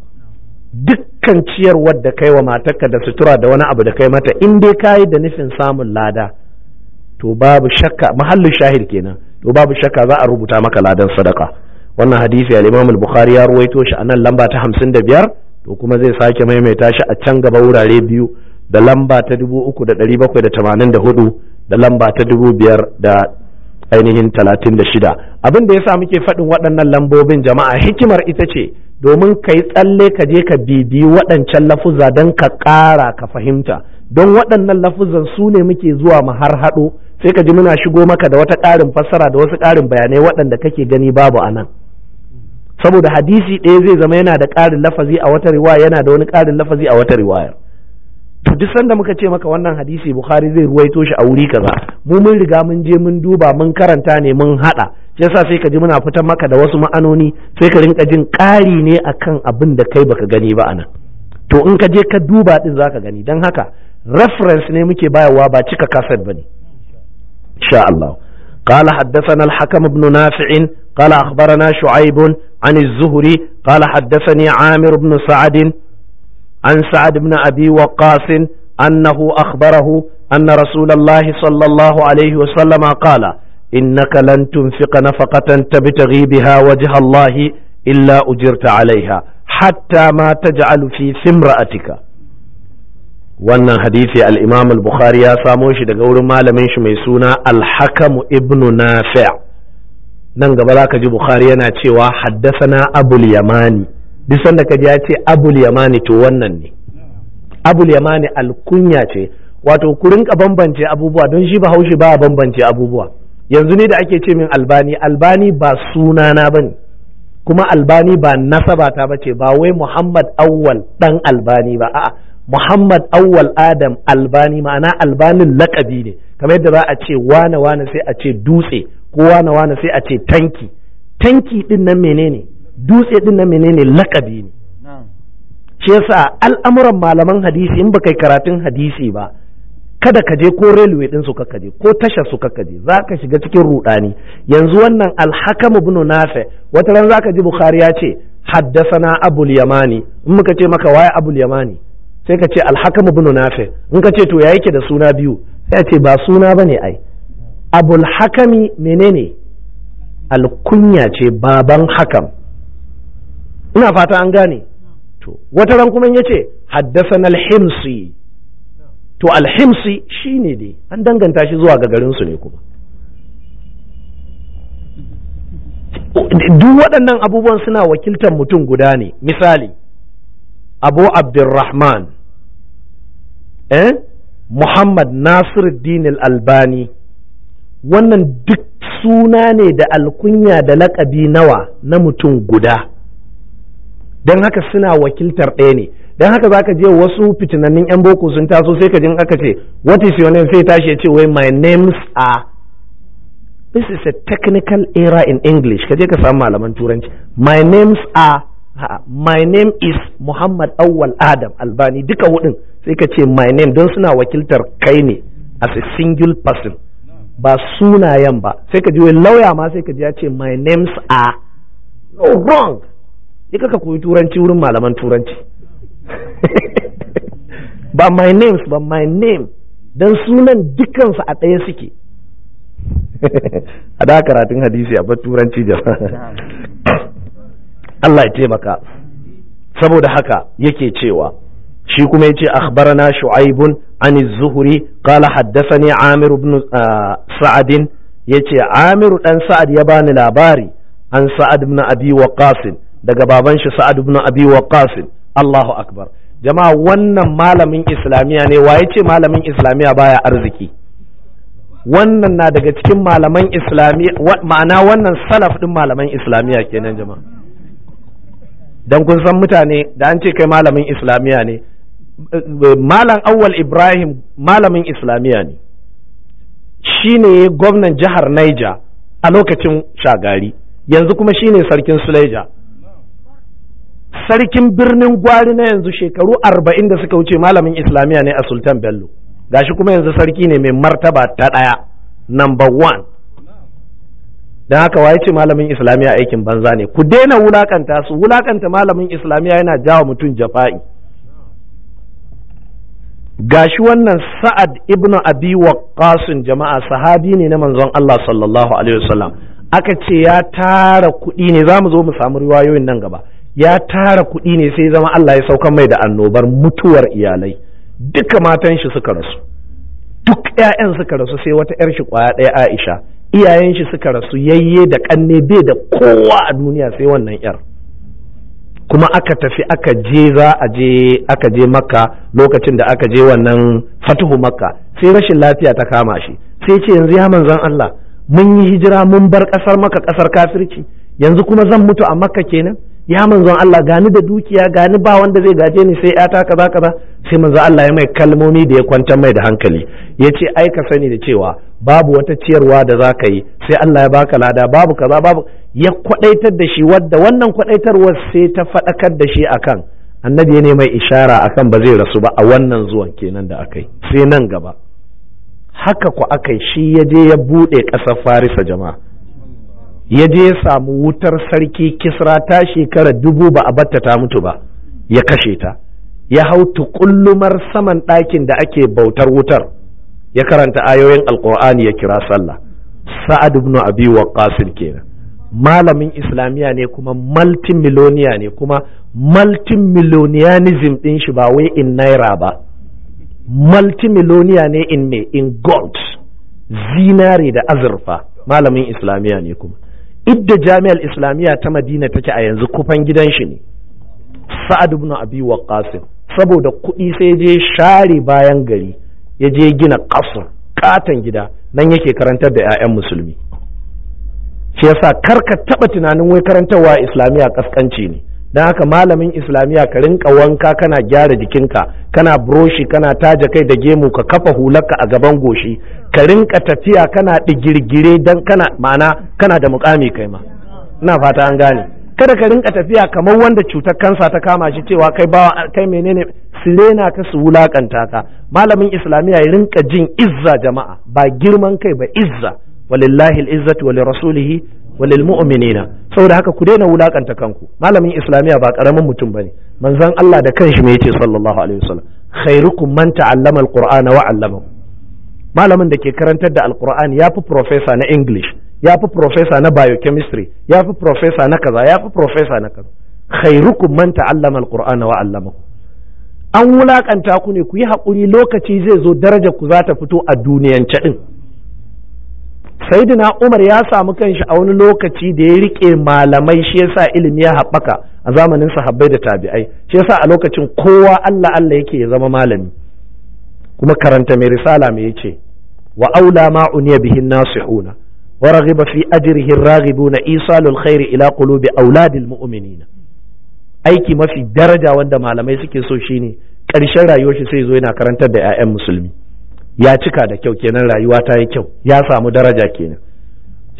S1: dukkan ciyarwar da kai wa matarka da sutura da wani abu da kai mata in dai ka yi da nufin samun lada to babu shakka mahallin shahid kenan to babu shakka za a rubuta maka ladan sadaka wannan hadisi al-Imam al-Bukhari ya ruwaito shi a nan lamba ta 55 to kuma zai sake maimaita shi a can gaba wurare biyu da lamba ta 3784 da lamba ta 5000 da ainihin 36 abin da yasa muke faɗin waɗannan lambobin jama'a hikimar ita ce domin ka yi tsalle ka je ka bibiyi waɗancan lafuzza don ka ƙara ka fahimta don waɗannan lafuzan su ne muke zuwa mu har haɗo sai ka ji muna shigo maka da wata ƙarin fassara da wasu ƙarin bayanai waɗanda kake gani babu a nan saboda hadisi ɗaya zai zama yana da ƙarin lafazi a wata riwaya yana da wani ƙarin lafazi a wata riwaya to duk sanda muka ce maka wannan hadisi bukhari zai ruwaito shi a wuri kaza mu mun riga mun je mun duba mun karanta ne mun haɗa yasa sai ka ji muna fitar maka da wasu ma'anoni sai ka rinka jin ƙari ne akan abin da kai baka gani ba anan to in ka je ka duba din zaka gani don haka reference ne muke bayarwa ba cika kasar bane insha Allah قال حدثنا الحكم بن نافع قال أخبرنا شعيب عن الزهري قال حدثني عامر بن سعد عن سعد بن أبي وقاص أنه أخبره أن رسول الله صلى الله عليه وسلم قال إنك لن تنفق نفقة تبتغي بها وجه الله إلا أجرت عليها حتى ما تجعل في ثمرأتك wannan hadisi al al-Bukhari ya samo shi daga wurin malamin shi mai suna al hakamu ibn Nafi' nan gaba zaka ji Bukhari yana cewa haddathana Abul Yamani duk sanda ka ji ya ce Abul Yamani to wannan ne Abul Yamani al-kunya ce wato ku rinka bambance abubuwa don shi bahaushe ba bambance abubuwa yanzu ne da ake ce min albani albani ba sunana ba ne kuma albani ba nasaba ta ce ba wai muhammad awwal dan albani ba a'a muhammad awwal adam albani ma'ana albanin lakabi ne kamar yadda za a ce wane wane sai a ce dutse ko wane wane sai a ce tanki tanki din nan menene dutse din nan menene lakabi ne shi yasa al'amuran malaman hadisi in ba kai karatun hadisi ba kada ka je ko railway din su kaka je ko tashar su kaka je za ka shiga cikin rudani yanzu wannan alhakamu ibn nafi wata ran za ka ji bukhari ya ce haddasana abul yamani in muka ce maka waye abul yamani sai ka ce alhakamu ibn nafi in ka ce to ya yake da suna biyu sai ce ba suna bane ai abul hakami menene alkunya ce baban hakam ina fata an gane to wata ran kuma yace haddathana al-himsi to alhimsi shi ne dai an danganta shi zuwa ga garinsu ne kuma duk waɗannan abubuwan suna wakiltar mutum guda ne misali abu abdurrahman eh? muhammad nasiruddin al-albani wannan duk suna ne da alkunya da laƙabi nawa na mutum guda don haka suna wakiltar ɗaya ne dan haka zaka je wasu fitinannin yan boko sun taso sai ka jin aka ce what is your name sai tashi ya ce wai my names a. this is a technical era in english ka je ka samu malaman turanci my names my name is muhammad awwal adam albani duka hudun sai ka ce my name don suna wakiltar kai ne as a single person ba sunayen ba sai ka ji wai lauya ma sai ka ji ya ce my names no wrong ya ka koyi turanci wurin malaman turanci ba my names ba my name don sunan dukansu a ɗaya suke a da karatun hadisi a bar turanci Allah ya taimaka saboda haka yake cewa shi kuma yace akhbarana shu'aibun an az-zuhri qala haddathani amir ibn ah, sa'ad yace amir dan sa'ad ya bani labari an sa'ad ibn abi waqas daga baban shi sa'ad ibn abi waqas Allahu akbar jama'a wannan malamin islamiya ne waye ce malamin islamiya baya arziki wannan na daga cikin malaman islamiya ma'ana wannan salaf din malaman islamiya kenan jama'a dan kun san mutane da an ce kai malamin islamiya ne malam awwal ibrahim malamin islamiya ne shine gwamnan jihar niger a lokacin shagari yanzu kuma shine sarkin suleja sarkin birnin gwari na yanzu shekaru arba'in da suka wuce malamin islamiyya ne a sultan bello gashi kuma yanzu sarki ne mai martaba ta ɗaya number one don haka waye ce malamin islamiyya aikin banza ne ku daina wulakanta su wulakanta malamin islamiyya yana jawa mutum jafa'i gashi wannan sa'ad ibn abi waqqasin jama'a sahabi ne na manzon Allah sallallahu alaihi wasallam aka ce ya tara kuɗi ne za mu zo mu samu riwayoyin nan gaba ya tara kuɗi ne sai zama Allah ya saukan mai da annobar mutuwar iyalai duka matan shi suka rasu duk 'ya'yan suka rasu sai wata 'yar shi kwaya ɗaya Aisha iyayen shi suka rasu yayye da kanne bai da kowa a duniya sai wannan ƴar. kuma aka tafi aka je za a je aka je makka lokacin da aka je wannan fatuhu makka sai rashin lafiya ta kama shi sai ce yanzu ya manzan Allah mun yi hijira mun bar ƙasar maka ƙasar kafirci yanzu kuma zan mutu a makka kenan ya manzon Allah gani da dukiya gani ba wanda zai gaje ni sai yata kaza kaza sai manzon Allah ya mai kalmomi da ya kwantar mai da hankali ya ce ai ka sani da cewa babu wata ciyarwa da za ka yi sai Allah ya baka lada babu kaza babu ya kwadaitar da shi wadda wannan kwadaitarwar sai ta faɗakar da shi akan annabi ya ne mai ishara akan ba zai rasu ba a wannan zuwan kenan da aka yi sai nan gaba haka ku aka yi shi ya je ya buɗe ƙasar farisa jama'a ya je samu wutar sarki kisra ta shekara dubu ba a batta ta mutu ba ya kashe ta ya hau tukullumar saman ɗakin da ake bautar wutar ya karanta ayoyin alkur'ani ya kira sallah sa'ad ibn abi waqqas kenan malamin islamiyya ne kuma multimillionaire ne kuma multimillionaireism din shi ba wai in naira ba multimillionaire ne in me in gold zinare da azurfa malamin islamiyya ne kuma idda jami'ar islamiyya ta madina take a yanzu kufan gidan shi ne sa'ad ibn abi waqqas saboda kuɗi sai je share bayan gari ya je gina kasur katon gida nan yake karantar da 'ya'yan musulmi shi yasa kar ka taɓa tunanin wai karantarwa islamiyya kaskanci ne don haka malamin islamiyya ka rinka wanka kana gyara jikinka kana broshi kana taja kai da gemu ka kafa hularka a gaban goshi ka rinka tafiya kana digirgire don kana mana kana da mukami kai ma ina fata an gane kada ka rinka tafiya kamar wanda cutar kansa ta kama shi cewa kai bawa kai menene sirena ka su wulakanta ka malamin islamiyya ya rinka jin izza jama'a ba girman kai ba izza walillahi al'izzati walil mu'minina saboda haka ku daina wulakanta kanku malamin islamiya ba karamin mutum bane manzon Allah da kanshi me yace sallallahu alaihi wasallam khairukum man ta'allama alqur'ana wa 'allamahu malamin da ke karantar da alqur'ani yafi professor na english yafi professor na biochemistry yafi professor na kaza yafi professor na kaza khairukum man ta'allama alqur'ana wa 'allamahu an wulakanta ku ne ku yi haƙuri lokaci zai zo darajar ku za ta fito a duniyance din Saidina umar ya samu kanshi a wani lokaci da ya rike malamai shi yasa ilimi ya haɓaka a zamanin sahabbai da tabi'ai shi yasa a lokacin kowa Allah Allah yake ya zama malami kuma karanta mai risala mai yace wa aula ma uniya bihin nasihuna wa raghiba fi ajrihi raghibuna isalul khair ila qulubi auladil mu'minina aiki mafi daraja wanda malamai suke so shine ƙarshen rayuwar shi sai zo yana karantar da 'ya'yan musulmi ya cika da kyau kenan rayuwa ta yi kyau ya samu daraja kenan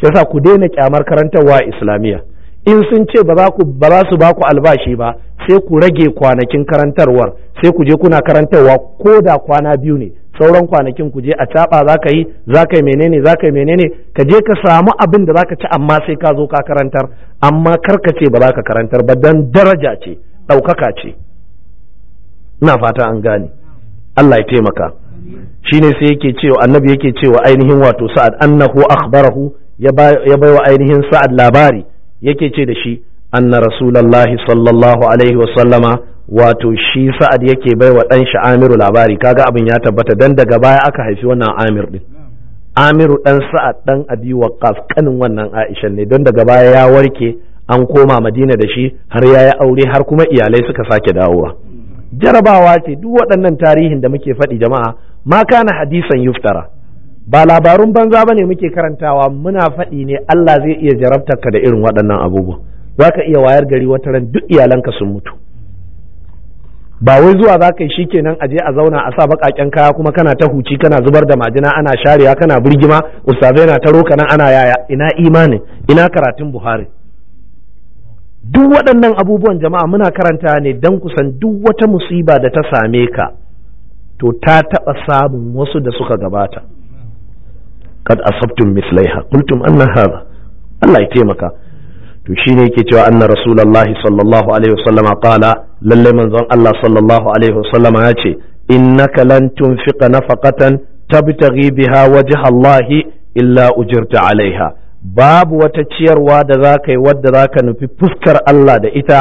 S1: shi yasa ku daina kyamar karantarwa islamiyya in sun ce ba za su ba ku albashi ba sai ku rage kwanakin karantarwar sai ku je kuna karantarwa ko da kwana biyu ne sauran kwanakin ku je a caɓa za ka yi za ka yi menene za ka yi menene ka je ka samu abin da za ka ci amma sai ka zo ka karantar amma kar ka ce ba za ka karantar ba dan daraja ce ɗaukaka ce ina fata an gane Allah ya taimaka Shi ne sai yake cewa annabi yake cewa ainihin wato sa'ad annahu akhbarahu ya bai wa ainihin sa'ad labari yake ce da shi anna rasulullahi sallallahu alaihi wa sallama wato shi sa'ad yake baiwa wa dan shi amiru labari kaga abin ya tabbata dan daga baya aka haifi wannan amir din amiru dan sa'ad dan abi waqqas kanin wannan aisha ne don daga baya ya warke an koma madina da shi har ya yi aure har kuma iyalai suka sake dawowa jarabawa ce duk waɗannan tarihin da muke faɗi jama'a ma kana hadisan yuftara ba labarun banza bane muke karantawa muna faɗi ne Allah zai iya jarabtar ka da irin waɗannan abubuwa za ka iya wayar gari wata ran duk iyalanka sun mutu ba wai zuwa za ka yi shikenan a je a zauna a sa baƙaƙen kaya kuma kana ta huci kana zubar da majina ana sharewa kana birgima ustazai na taro kana ana yaya ina imanin ina karatun buhari duk waɗannan abubuwan jama'a muna karanta ne don kusan duk wata musiba da ta same ka to ta taɓa samun wasu da suka gabata kad asabtum mislaiha qultum anna hada. Allah ya taimaka to shine yake cewa anna rasulullahi sallallahu alaihi wasallama qala lalle manzon Allah sallallahu alaihi wasallama ya ce innaka lan tunfiqa nafaqatan tabtaghi biha wajha Allah illa ujirta alaiha babu wata ciyarwa da za ka yi wadda za ka nufi fuskar Allah da ita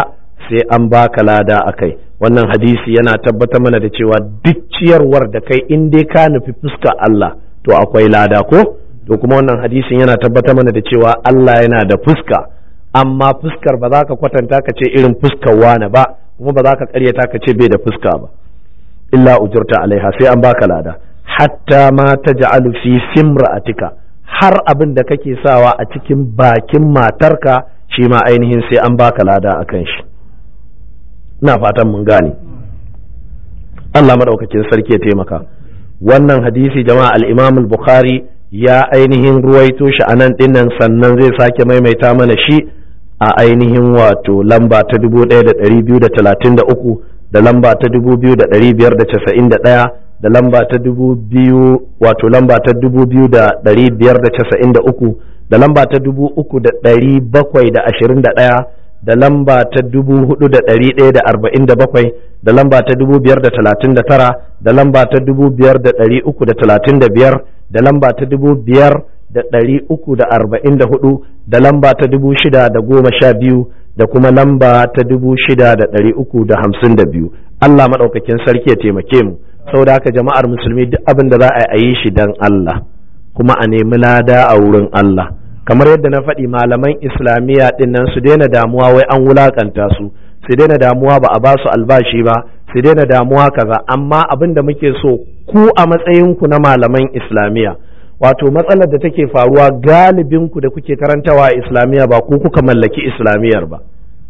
S1: sai an baka lada akai wannan hadisi yana tabbatar mana da cewa duk ciyarwar da kai in dai ka nufi fuska Allah to akwai lada ko to kuma wannan hadisin yana tabbatar mana da cewa Allah yana da fuska amma fuskar ba za ka kwatanta ka ce irin fuskar wane ba kuma ba za ka karyata ka ce bai da fuska ba illa ujurta alaiha sai an baka lada hatta ma taj'alu fi simra'atika har abin da kake sawa a cikin bakin matarka shi ma ainihin sai an baka lada akan shi ina fatan mun gane Allah madaukakin sarki ya taimaka wannan hadisi jama'a al-Imam al-Bukhari ya ainihin ruwaito shi anan dinnan sannan zai sake maimaita mana shi a ainihin wato lamba ta 1233 da lamba ta 2591 da lamba ta 2000 wato lamba ta 2593 da lamba ta ɗaya. da lamba ta dubu hudu da dari daya da arba'in da bakwai da lamba ta dubu biyar da talatin da tara da lamba ta dubu biyar da dari uku da talatin da biyar da lamba ta dubu biyar da dari uku da arba'in da hudu da lamba ta dubu shida da goma sha biyu da kuma lamba ta dubu shida da dari uku da hamsin da biyu Allah maɗaukakin sarki ya taimake mu saboda haka jama'ar musulmi duk abin da za a yi shi don Allah kuma a nemi lada a wurin Allah. kamar yadda na faɗi malaman islamiyya ɗin nan su daina damuwa wai an wulakanta su su daina damuwa ba a ba su albashi ba su daina damuwa kaza amma abin da muke so ku a matsayinku na malaman islamiyya wato matsalar da take faruwa galibin ku da kuke karantawa islamiyya ba ku kuka mallaki islamiyyar ba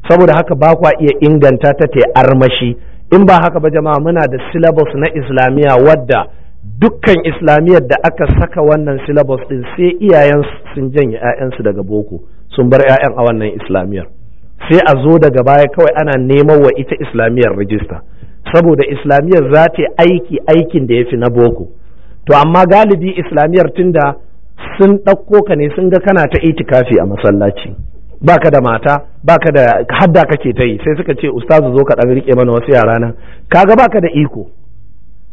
S1: saboda haka ba kwa iya inganta ta ta armashi in ba haka ba jama'a muna da syllabus na islamiyya wadda dukkan islamiyyar da aka saka wannan syllabus din sai iyayen sun janye 'ya'yansu daga boko sun bar 'ya'yan a wannan islamiyar sai a zo daga baya kawai ana neman wa ita islamiyar rajista saboda islamiyar za ta aiki aikin da ya fi na boko to amma galibi islamiyar tunda sun ɗauko ka ne sun ga kana ta itikafi a masallaci baka da mata baka da hadda kake ta yi sai suka ce ustazu zo ka ɗan rike mana wasu yara nan kaga baka da iko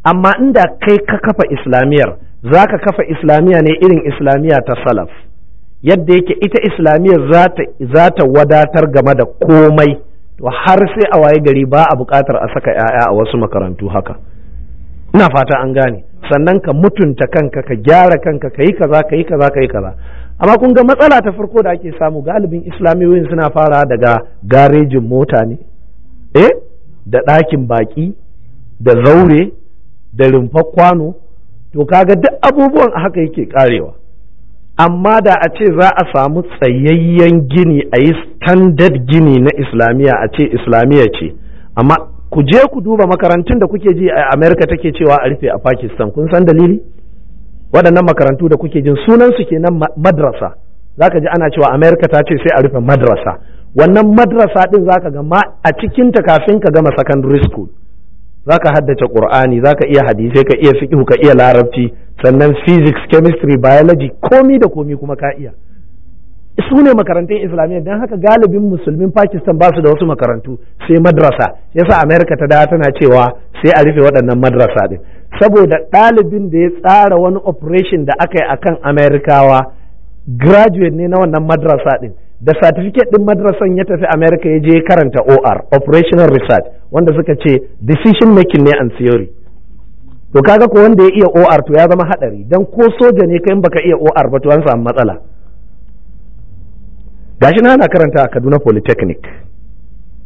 S1: amma inda kai ka kafa islamiyar za ka kafa islamiya ne irin islamiya ta salaf yadda yake ita islamiyya za ta wadatar game da komai to har sai a waye gari ba a buƙatar a saka 'ya'ya a wasu makarantu haka ina fata an gane sannan ka mutunta kanka ka gyara kanka ka yi kaza ka yi kaza ka yi kaza amma kun ga matsala ta farko da ake samu galibin islamiyoyin suna fara daga garejin mota ne eh da ɗakin baƙi da zaure da rumfar kwano to kaga duk abubuwan haka yake karewa amma da a ce za a samu tsayayyen gini a yi standard gini na islamiyya a ce islamiyya ce amma ku je ku duba makarantun da kuke ji a amerika take cewa a rufe a pakistan kun san dalili waɗannan makarantu da kuke jin sunansu kenan madrasa za ka ji ana cewa amerika ta ce sai a rufe madrasa wannan madrasa ɗin za ka ga ma a cikinta kafin ka gama secondary school zaka haddace za ka iya hadisai ka iya fiqh ka iya larabci sannan physics chemistry biology komi da komi kuma ka iya su ne makarantun islamiyya don haka galibin musulmin pakistan ba su da wasu makarantu sai madrasa yasa amerika ta dawo tana cewa sai a rufe waɗannan madrasa din saboda ɗalibin da ya tsara wani operation da aka yi akan amerikawa graduate ne na wannan madrasa din da certificate din madrasan ya tafi America ya je karanta OR operational research wanda suka ce decision making ne and theory to kaga ko wanda ya iya OR to ya zama hadari dan ko soja ne kai baka iya OR ba to an samu matsala gashi na ana karanta a Kaduna Polytechnic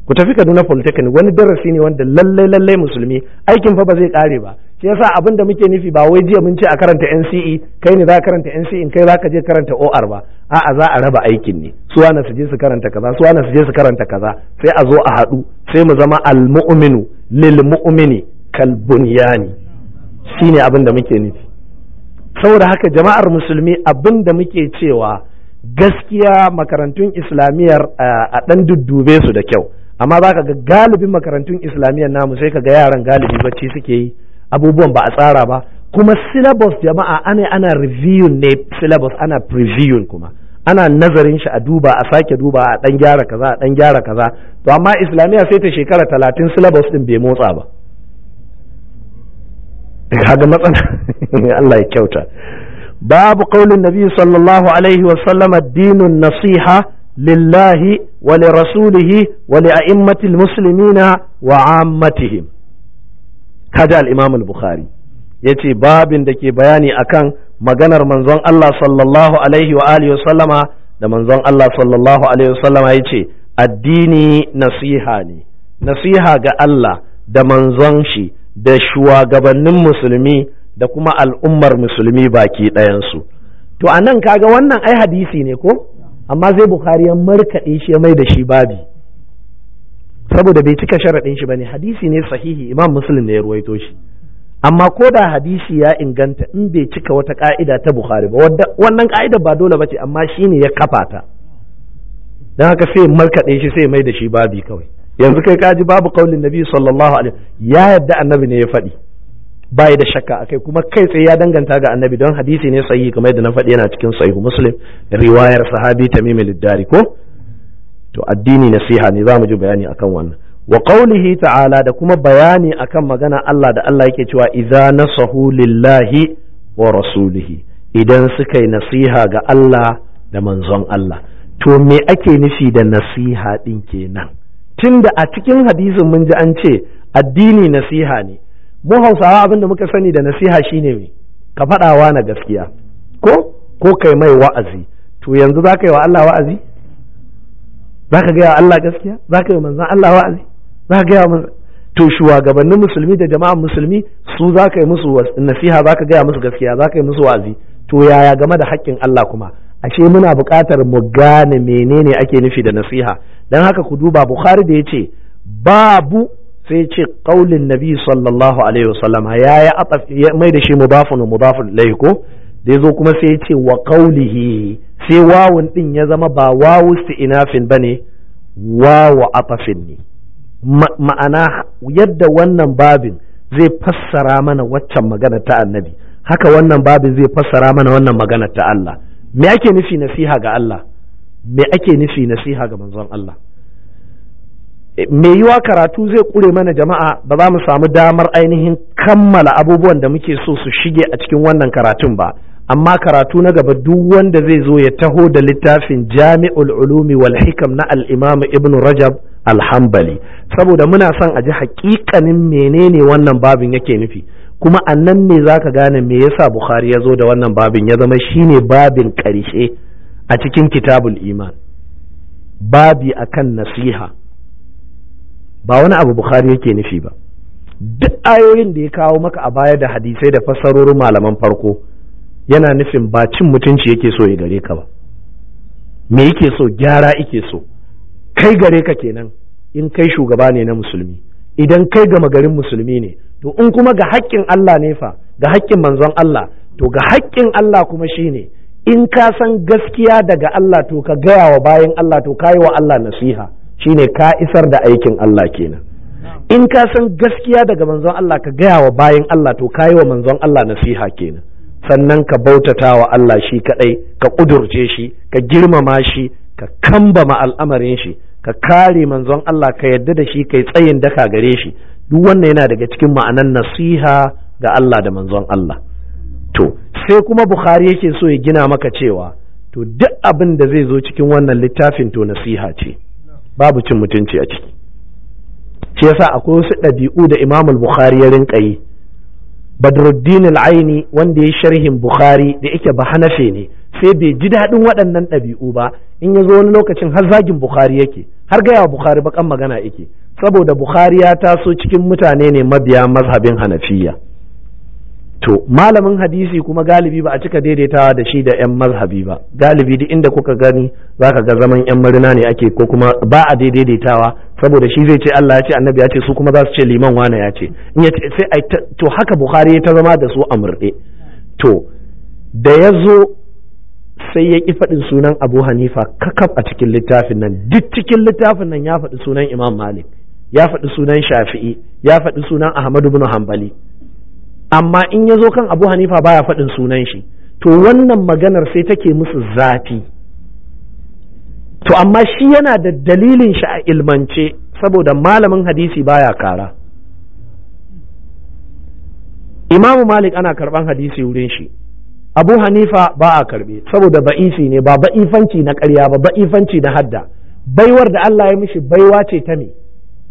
S1: ku tafi Kaduna Polytechnic wani darasi ne wanda lallai lallai musulmi aikin fa ba zai kare ba shi yasa abin da muke nufi ba wai jiya mun ce a karanta NCE kai ne za ka karanta NCE kai za ka je karanta OR ba a'a za a raba aikin ne su wani su je su karanta kaza su wani su je su karanta kaza sai a zo a haɗu sai mu zama almu'minu lil mu'mini kal bunyani shine abin da muke nufi saboda haka jama'ar musulmi abin da muke cewa gaskiya makarantun islamiyar eh, a ɗan duddube su da kyau amma za ka ga galibin makarantun islamiyar namu sai ka ga yaran galibi bacci suke yi abubuwan ba a tsara ba kuma syllabus jama'a ana ana reviewing ne syllabus ana previewing kuma ana nazarin shi a duba a sake duba a dan gyara kaza a dan gyara kaza to amma islamiyya sai ta shekara talatin syllabus din bai motsa ba eh, kaga matsala Allah ya kyauta babu qaulin nabi sallallahu alaihi wa sallam ad nasiha lillahi wa li rasulihi wa li a'immatil muslimina wa ammatihim kaji al-imam al-bukhari yace babin da ke bayani akan maganar manzon Allah sallallahu alaihi wa alihi da manzon Allah sallallahu alaihi wasallama yace addini nasiha ne nasiha ga Allah da manzon shi da shugabannin musulmi da kuma al'ummar musulmi baki ɗayansu to anan kaga wannan ai hadisi ne ko amma zai bukhari ya markaɗe shi ya mai da shi babi saboda bai cika sharaɗin shi bane hadisi ne sahihi imam muslim ne ya ruwaito shi amma ko da hadisi ya inganta in bai cika wata ka'ida ta bukhari ba wannan ka'idar ba dole bace amma shine ya kafa ta dan haka sai markaɗe shi sai mai da shi babi kawai yanzu kai kaji babu kaulin nabi sallallahu alaihi ya yadda annabi ne ya faɗi bai da shakka akai kuma kai tsaye ya danganta ga annabi don hadisi ne sahihi kamar yadda na faɗi yana cikin sahihu muslim riwayar sahabi tamim al ko to addini nasiha ne za mu ji bayani akan wannan wa qawlihi ta'ala da kuma bayani akan magana Allah da Allah yake cewa idza nasahu lillahi wa rasulihi idan suka yi nasiha ga Allah da manzon Allah to me ake nufi da nasiha din kenan tunda a cikin hadisin mun ji an ce addini nasiha ne mu Hausawa abin da muka sani da nasiha shine me ka faɗawa na gaskiya ko ko kai mai wa'azi to yanzu za ka yi wa Allah wa'azi za ka gaya wa Allah gaskiya za ka yi manzan Allah wa'azi za ka gaya manzan to shugabannin musulmi da jama'an musulmi su za ka yi musu nasiha za ka gaya musu gaskiya za ka yi musu wa'azi to yaya game da haƙƙin Allah kuma ashe muna buƙatar mu gane menene ake nufi da nasiha dan haka ku duba Bukhari da yace babu sai ce qaulin nabi sallallahu alaihi wasallama yaya mai da shi mudafun mudafun ilayhi ko da ya zo kuma sai ya ce wa qaulihi sai wawun din ya zama ba wawu inafin bane wawu atafin ne ma'ana yadda wannan babin zai fassara mana waccan magana ta annabi haka wannan babin zai fassara mana wannan magana ta Allah me ake nufi nasiha ga Allah me ake nufi nasiha ga manzon Allah e, me yiwa karatu zai kure mana jama'a ba za mu samu damar ainihin kammala abubuwan da muke so su shige a cikin wannan karatun ba amma karatu na gaba duk wanda zai zo ya taho da littafin jami'ul ulumi wal hikam na al-imam ibn rajab al-hanbali saboda muna son a ji hakikanin menene wannan babin yake nufi kuma annan ne zaka gane me yasa bukhari ya zo da wannan babin ya zama shine babin karshe a cikin kitabul iman babi akan nasiha ba wani abu bukhari yake nufi ba duk ayoyin da ya kawo maka a baya da hadisai da fassarorin malaman farko yana nufin ba cin mutunci yake so ya gare ka ba me yake so gyara yake so kai gare ka kenan in kai shugaba ne na musulmi idan kai gama garin musulmi ne to in kuma ga haƙƙin Allah ne fa ga haƙƙin manzon Allah to ga haƙƙin Allah kuma shine in ka san gaskiya daga Allah to ka gaya wa bayan Allah to ka wa Allah nasiha shine ka isar da aikin Allah kenan in ka san gaskiya daga manzon Allah ka gaya wa bayan Allah to ka wa manzon Allah nasiha kenan sannan ka bautata wa Allah shi kaɗai ka ƙudurce shi ka girmama shi ka kambama al'amarin shi ka kare manzon Allah ka yadda da shi kai tsayin daka gare shi duk wannan yana daga cikin ma'anan nasiha ga Allah da manzon Allah to sai kuma Bukhari yake so ya gina maka cewa to duk abin da zai zo cikin wannan littafin to nasiha ce babu cin mutunci a ciki shi yasa akwai wasu ɗabi'u da Imamul Bukhari ya rinka badruddin al-aini wanda ya sharhin bukhari da yake ba hanafe ne sai bai ji daɗin waɗannan ɗabi'u ba in ya zo wani lokacin har zagin bukhari yake har gaya bukhari bakan magana yake saboda bukhari ya taso cikin mutane ne mabiya mazhabin hanafiya to malamin hadisi kuma galibi ba a cika daidaitawa da shi da 'yan mazhabi ba galibi duk inda kuka gani zaka ga zaman 'yan murna ne ake ko kuma ba a daidaitawa saboda shi zai ce Allah ya ce annabi ya ce su kuma za su ce liman wane ya ce in ce to haka bukhari ya ta zama da su a murɗe to da ya zo sai ya ƙi faɗin sunan abu hanifa kakaf a cikin littafin nan duk cikin littafin nan ya faɗi sunan imam malik ya faɗi sunan shafi'i ya faɗi sunan ahmadu bin hanbali amma in ya zo kan abu hanifa baya faɗin sunan shi to wannan maganar sai take musu zafi to amma shi yana da dalilin shi a ilmance saboda malamin hadisi baya kara imamu malik ana karban hadisi wurin shi abu hanifa ba a karbe saboda ba'isi ne ba ba'ifanci na karya ba ba'ifanci na hadda baiwar da Allah ya mishi baiwa ce ta me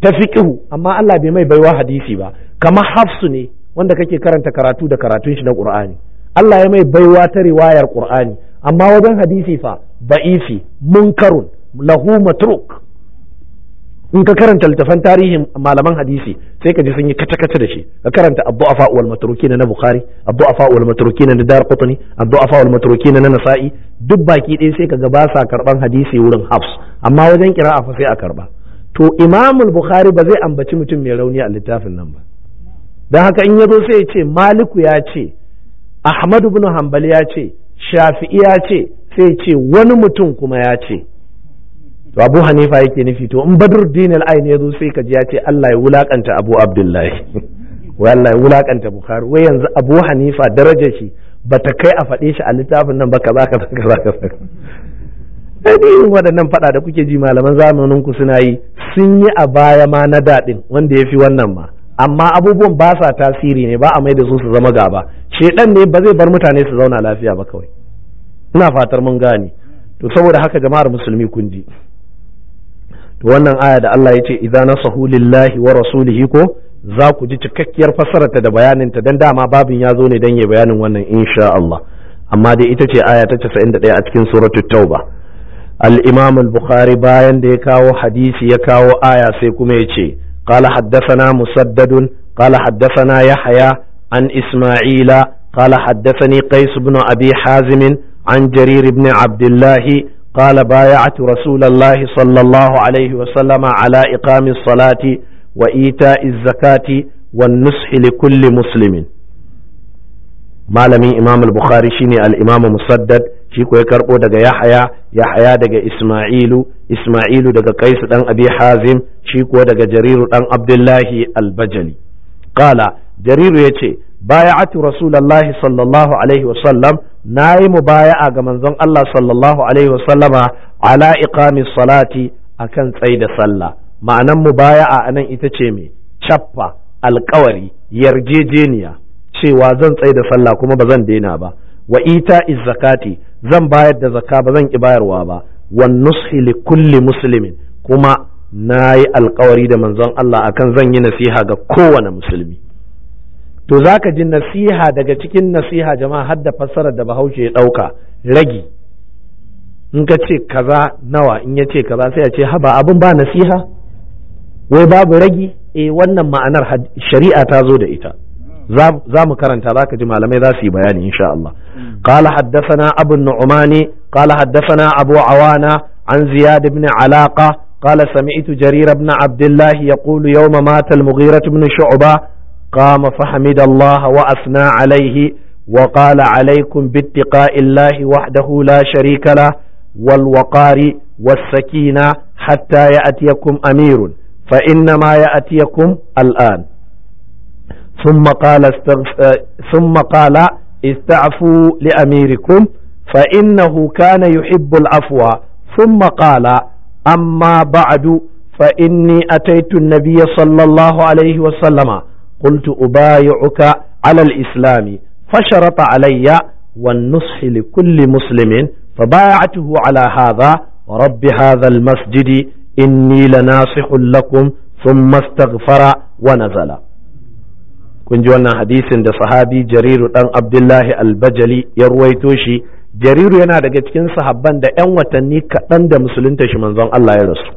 S1: ta kihu. amma Allah bai mai baiwa hadisi ba kamar hafsu ne wanda kake karanta karatu da karatun shi na qur'ani Allah ya mai baiwa ta riwayar qur'ani amma wajen hadisi fa ba'ifi munkarun lahu matruk in ka karanta littafan tarihin malaman hadisi sai ka ji sun yi kata-kata da shi ka karanta abu a fa'uwal matrukin na bukhari a fa'uwal matrukin na abu a fa'uwal matrukin na nasa'i duk baki ɗaya sai ka ga sa karban hadisi wurin hafs amma wajen kira a sai a karɓa. to imamul bukhari ba zai ambaci mutum mai rauni a littafin nan ba don haka in ya zo sai ya ce maliku ya ce Ahmadu bin hambali ya ce shafi'i ya ce sai ce wani mutum kuma ya ce to abu hanifa yake nufi to in badur al-ain ya zo sai ka ji ya ce Allah ya wulakanta abu abdullahi wai Allah ya wulakanta bukhari wai yanzu abu hanifa darajar shi bata kai a faɗe shi a littafin nan ba ka baka baka zaka sai waɗannan faɗa da kuke ji malaman zamanin ku suna yi sun yi a baya ma na daɗin wanda ya fi wannan ma amma abubuwan ba sa tasiri ne ba a mai da su su zama gaba shedan ne ba zai bar mutane su zauna lafiya ba kawai ina fatar mun gane to saboda haka jama'ar musulmi kun ji to wannan aya da Allah ya ce idza nasahu lillahi wa rasulihi ko za ku ji cikakkiyar fassararta da bayanin ta dan dama babin ya zo ne dan ya bayanin wannan insha Allah amma dai ita ce aya ta 91 a cikin suratul tauba al-imam al-bukhari bayan da ya kawo hadisi ya kawo aya sai kuma ya ce qala haddathana musaddadun qala haddathana yahya an isma'ila qala haddathani qais ibn abi hazim عن جرير بن عبد الله قال بايعت رسول الله صلى الله عليه وسلم على إقام الصلاة وإيتاء الزكاة والنصح لكل مسلم malamin imam al-bukhari shine al-imam musaddad shi ko ya karbo daga yahaya yahaya daga isma'ilu isma'ilu daga qais dan abi hazim shi ko daga jariru dan abdullahi al-bajali qala jariru yace bay'atu rasulullahi sallallahu alaihi sallam. na yi mubaya'a ga manzon Allah sallallahu alaihi wasallama ala iqamis salati akan tsai da sallah ma'anan mubaya'a nan ita ce mai, cappa alkawari yarjejeniya cewa zan tsaida da sallah kuma ba zan daina ba wa ita zakati zan bayar da zakka ba zan ki bayarwa ba wan nushi li kulli muslimin kuma na yi alkawari da manzon Allah akan zan yi nasiha ga kowane musulmi to za ka ji nasiha daga cikin nasiha jama'a har da fassarar da bahaushe ya ɗauka ragi in ka ce kaza nawa in ya ce kaza sai ya ce haba abin ba nasiha wai babu ragi e wannan ma'anar shari'a ta zo da ita za mu karanta za ka ji malamai za su yi bayani insha Allah mm. qala haddathana abu nu'mani qala na abu awana an ziyad ibn alaqa قال سمعت جرير بن عبد الله يقول يوم مات المغيرة بن شعبة قام فحمد الله وأثنى عليه وقال عليكم باتقاء الله وحده لا شريك له والوقار والسكينة حتى يأتيكم أمير فإنما يأتيكم الآن ثم قال استغف... ثم قال استعفوا لأميركم فإنه كان يحب العفو ثم قال أما بعد فإني أتيت النبي صلى الله عليه وسلم qultu ubayi'uka ala al-islami fasharata alayya wan nushi li kulli muslimin ala hadha wa rabbi masjidi inni lanasihun lakum thumma astaghfara wa nazala wannan hadisin da sahabi jariru dan abdullahi albajali ya ruwaito shi jariru yana daga cikin sahabban da 'yan watanni kaɗan da musulunta shi manzon Allah ya rasu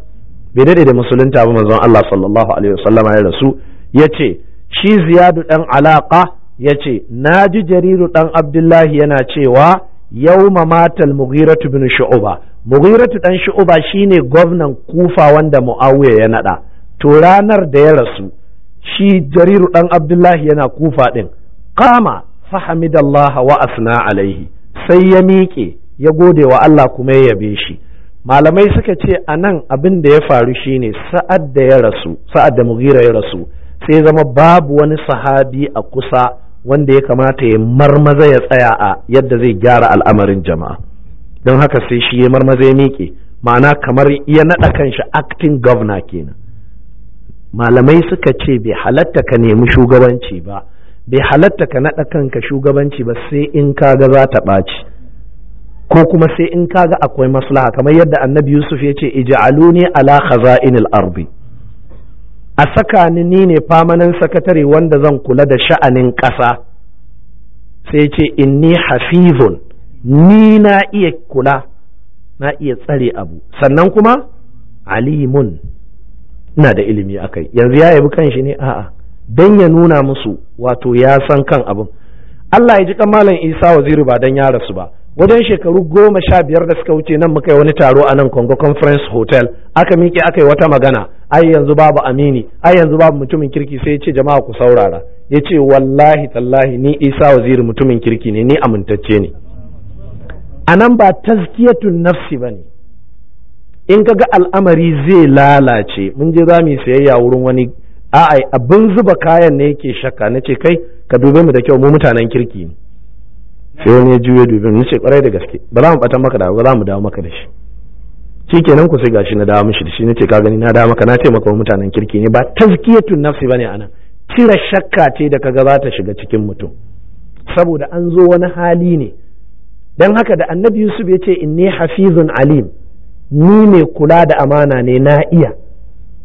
S1: bai daɗe da musulunta ba manzon Allah sallallahu alaihi ya rasu ya ce shi ziyadu ɗan alaƙa ya ce na ji jariru ɗan abdullahi yana cewa yau mamatal mughiratu bin shu'uba mughiratu ɗan shu'uba shine gwamnan kufa wanda muawiya ya naɗa to ranar da ya rasu shi jariru ɗan abdullahi yana kufa ɗin kama fahimidallah wa asna alaihi sai ya miƙe ya gode wa Allah kuma ya yabe shi malamai suka ce a nan abin da ya faru shine sa'ad da ya rasu sa'ad da mughira ya rasu sai zama babu wani sahabi a kusa wanda ya kamata ya marmaza ya tsaya a yadda zai gyara al'amarin jama'a don haka sai shi ya marmaza ya miƙe ma'ana kamar ya naɗa kanshi acting governor kenan malamai suka ce bai halatta ka nemi shugabanci ba bai halatta ka naɗa kanka shugabanci ba sai in kaga za ta ɓaci ko kuma sai in kaga akwai maslaha kamar yadda annabi yusuf ya ce ija'aluni ala khaza'inil ardi a saka ni ni ne famanin sakatare wanda zan kula da sha'anin ƙasa sai ce inni hafizun ni na iya kula na iya tsare abu sannan kuma alimun ina da ilimi akai yanzu ya yabi kanshi ne a'a don ya nuna musu wato ya san kan abin Allah ya ji kan malam Isa waziri ba dan ya rasu ba wajen shekaru goma sha biyar da suka wuce nan muka yi wani taro a nan Congo Conference Hotel aka miƙe aka yi wata magana ai yanzu babu amini ai yanzu babu mutumin kirki sai ya ce jama'a ku saurara ya ce wallahi tallahi ni Isa Waziri mutumin kirki ne ni amintacce ne a nan ba tazkiyatun nafsi ba ne in ka ga al'amari zai lalace mun je za mu sayayya wurin wani a'a abin zuba kayan ne yake shakka na ce kai ka dube mu da kyau mu mutanen kirki ne sai wani ya juya dubin nace kwarai da gaske ba za mu bata maka da ba za mu dawo maka da shi shikenan ku sai gashi na dawo mishi da shi nace ka gani na dawo maka na taimaka wa mutanen kirki ne ba tazkiyatun nafsi bane anan cire shakka ce da kaga za ta shiga cikin mutum saboda an zo wani hali ne dan haka da annabi yusuf ya ce inni hafizun alim ni mai kula da amana ne na iya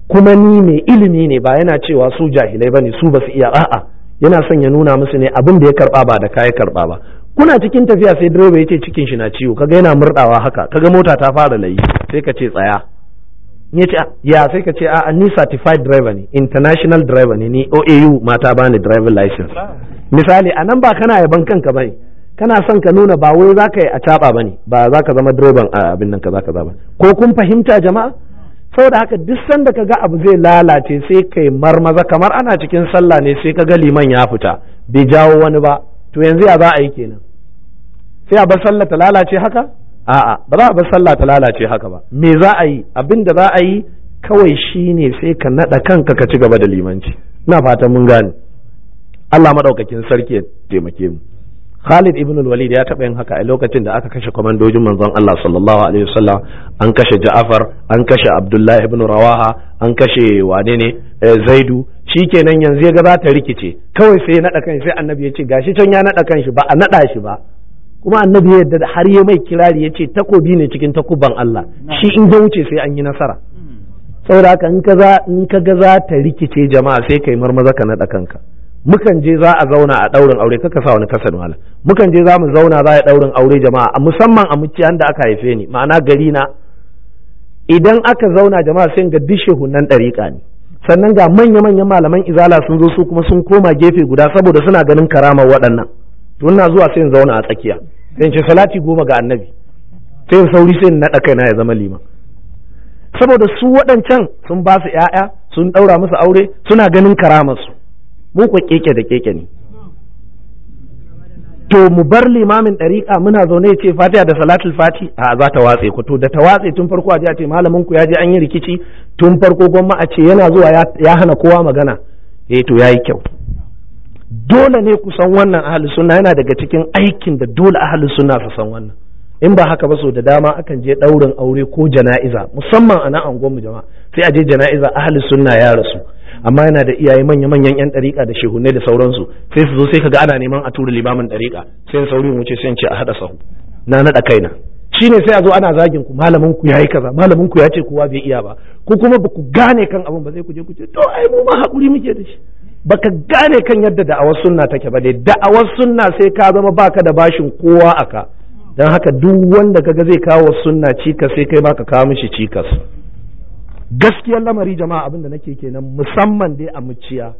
S1: kuma ni mai ilimi ne ba yana cewa su jahilai bane su basu iya a'a yana son ya nuna musu ne abin da ya karba ba da kai karba ba kuna cikin tafiya sai direba ya ce cikin shi na ciwo kaga yana murdawa haka kaga mota ta fara layi sai ka ce tsaya ya ce ah, ya sai ka ce a ah, ni certified driver ne international driver ne ni OAU mata bani driver license misali a nan ba kana yaban kanka bane kana son ka nuna ba wai zaka yi a caba bane ba zaka zama direban abin nan za ka zama. ko kun fahimta jama'a saboda haka duk sanda ka ga abu zai lalace sai kai marmaza kamar ana cikin sallah ne sai ka ga liman ya fita bai jawo wani ba to yanzu ya za a yi kenan sai a bar sallah ta lalace haka a'a ba za a bar sallah ta lalace haka ba me za a yi abin da za a yi kawai shine sai ka nada kanka ka ci gaba da limanci ina fatan mun gane Allah madaukakin sarki ya taimake mu Khalid ibn al-Walid ya taɓa yin haka a lokacin da aka kashe kwamandojin manzon Allah sallallahu alaihi wasallam an kashe Ja'far an kashe Abdullah ibn Rawaha an kashe wane ne eh, Zaidu shikenan yanzu ya ga za ta rikice kawai sai ya nada kan sai annabi ya ce gashi can ya nada kanshi ba a nada shi ba kuma annabi ya yadda har ya mai kirari ya ce takobi ne cikin takuban Allah shi in ga wuce sai an yi nasara hmm. saboda haka in ka za in ka ga za ta rikice jama'a sai kai marmaza ka nada kanka mukan je za a zauna a ɗaurin aure kaka sa wani kasan wala mukan je za mu zauna za a ɗaurin aure jama'a a musamman a muciyan da aka haife ni ma'ana gari na idan aka zauna jama'a sai ga dishe hunnan ɗariƙa ne sannan ga manya-manyan malaman izala sun zo su kuma sun koma gefe guda saboda suna ganin karamar waɗannan to ina zuwa sai in zauna a tsakiya sai in ci salati goma ga annabi sai in sauri sai in naɗa kaina ya zama liman saboda su waɗancan sun ba su ‘ya'ya sun ɗaura musu aure suna ganin karamarsu mu keke da keke ne to mu bar limamin ɗariƙa muna zaune ya ce fatiha da salatul fati a za ta watse ku to da ta watse tun farko a a ce malamin ku ya je an yi rikici tun farko gwamma a ce yana zuwa ya hana kowa magana eh to yayi kyau dole ne ku san wannan ahalin sunna yana daga cikin aikin da dole ahalin sunna su san wannan in ba haka ba so da dama akan je ɗaurin aure ko jana'iza musamman a nan mu jama'a sai a je jana'iza ahalin sunna ya rasu amma yana da iyaye manya manyan yan ɗariƙa da shehunne da sauransu sai su zo sai kaga ana neman a tura limamin ɗariƙa sai in saurin wuce sai in ce a haɗa sahu na naɗa kaina shine sai a zo ana zagin ku malamin ku yayi kaza malamin ku ya ce kowa bai iya ba ko kuma ba ku gane kan abin ba sai ku je ku ce to ai mu ma haƙuri muke da shi baka gane kan yadda da'awar sunna take ba ne da'awar sunna sai ka zama baka da bashin kowa a ka don haka duk wanda kaga zai kawo sunna cikas sai kai ma ka kawo mishi cikas gaskiyar lamari jama'a abin da nake kenan musamman dai a muciya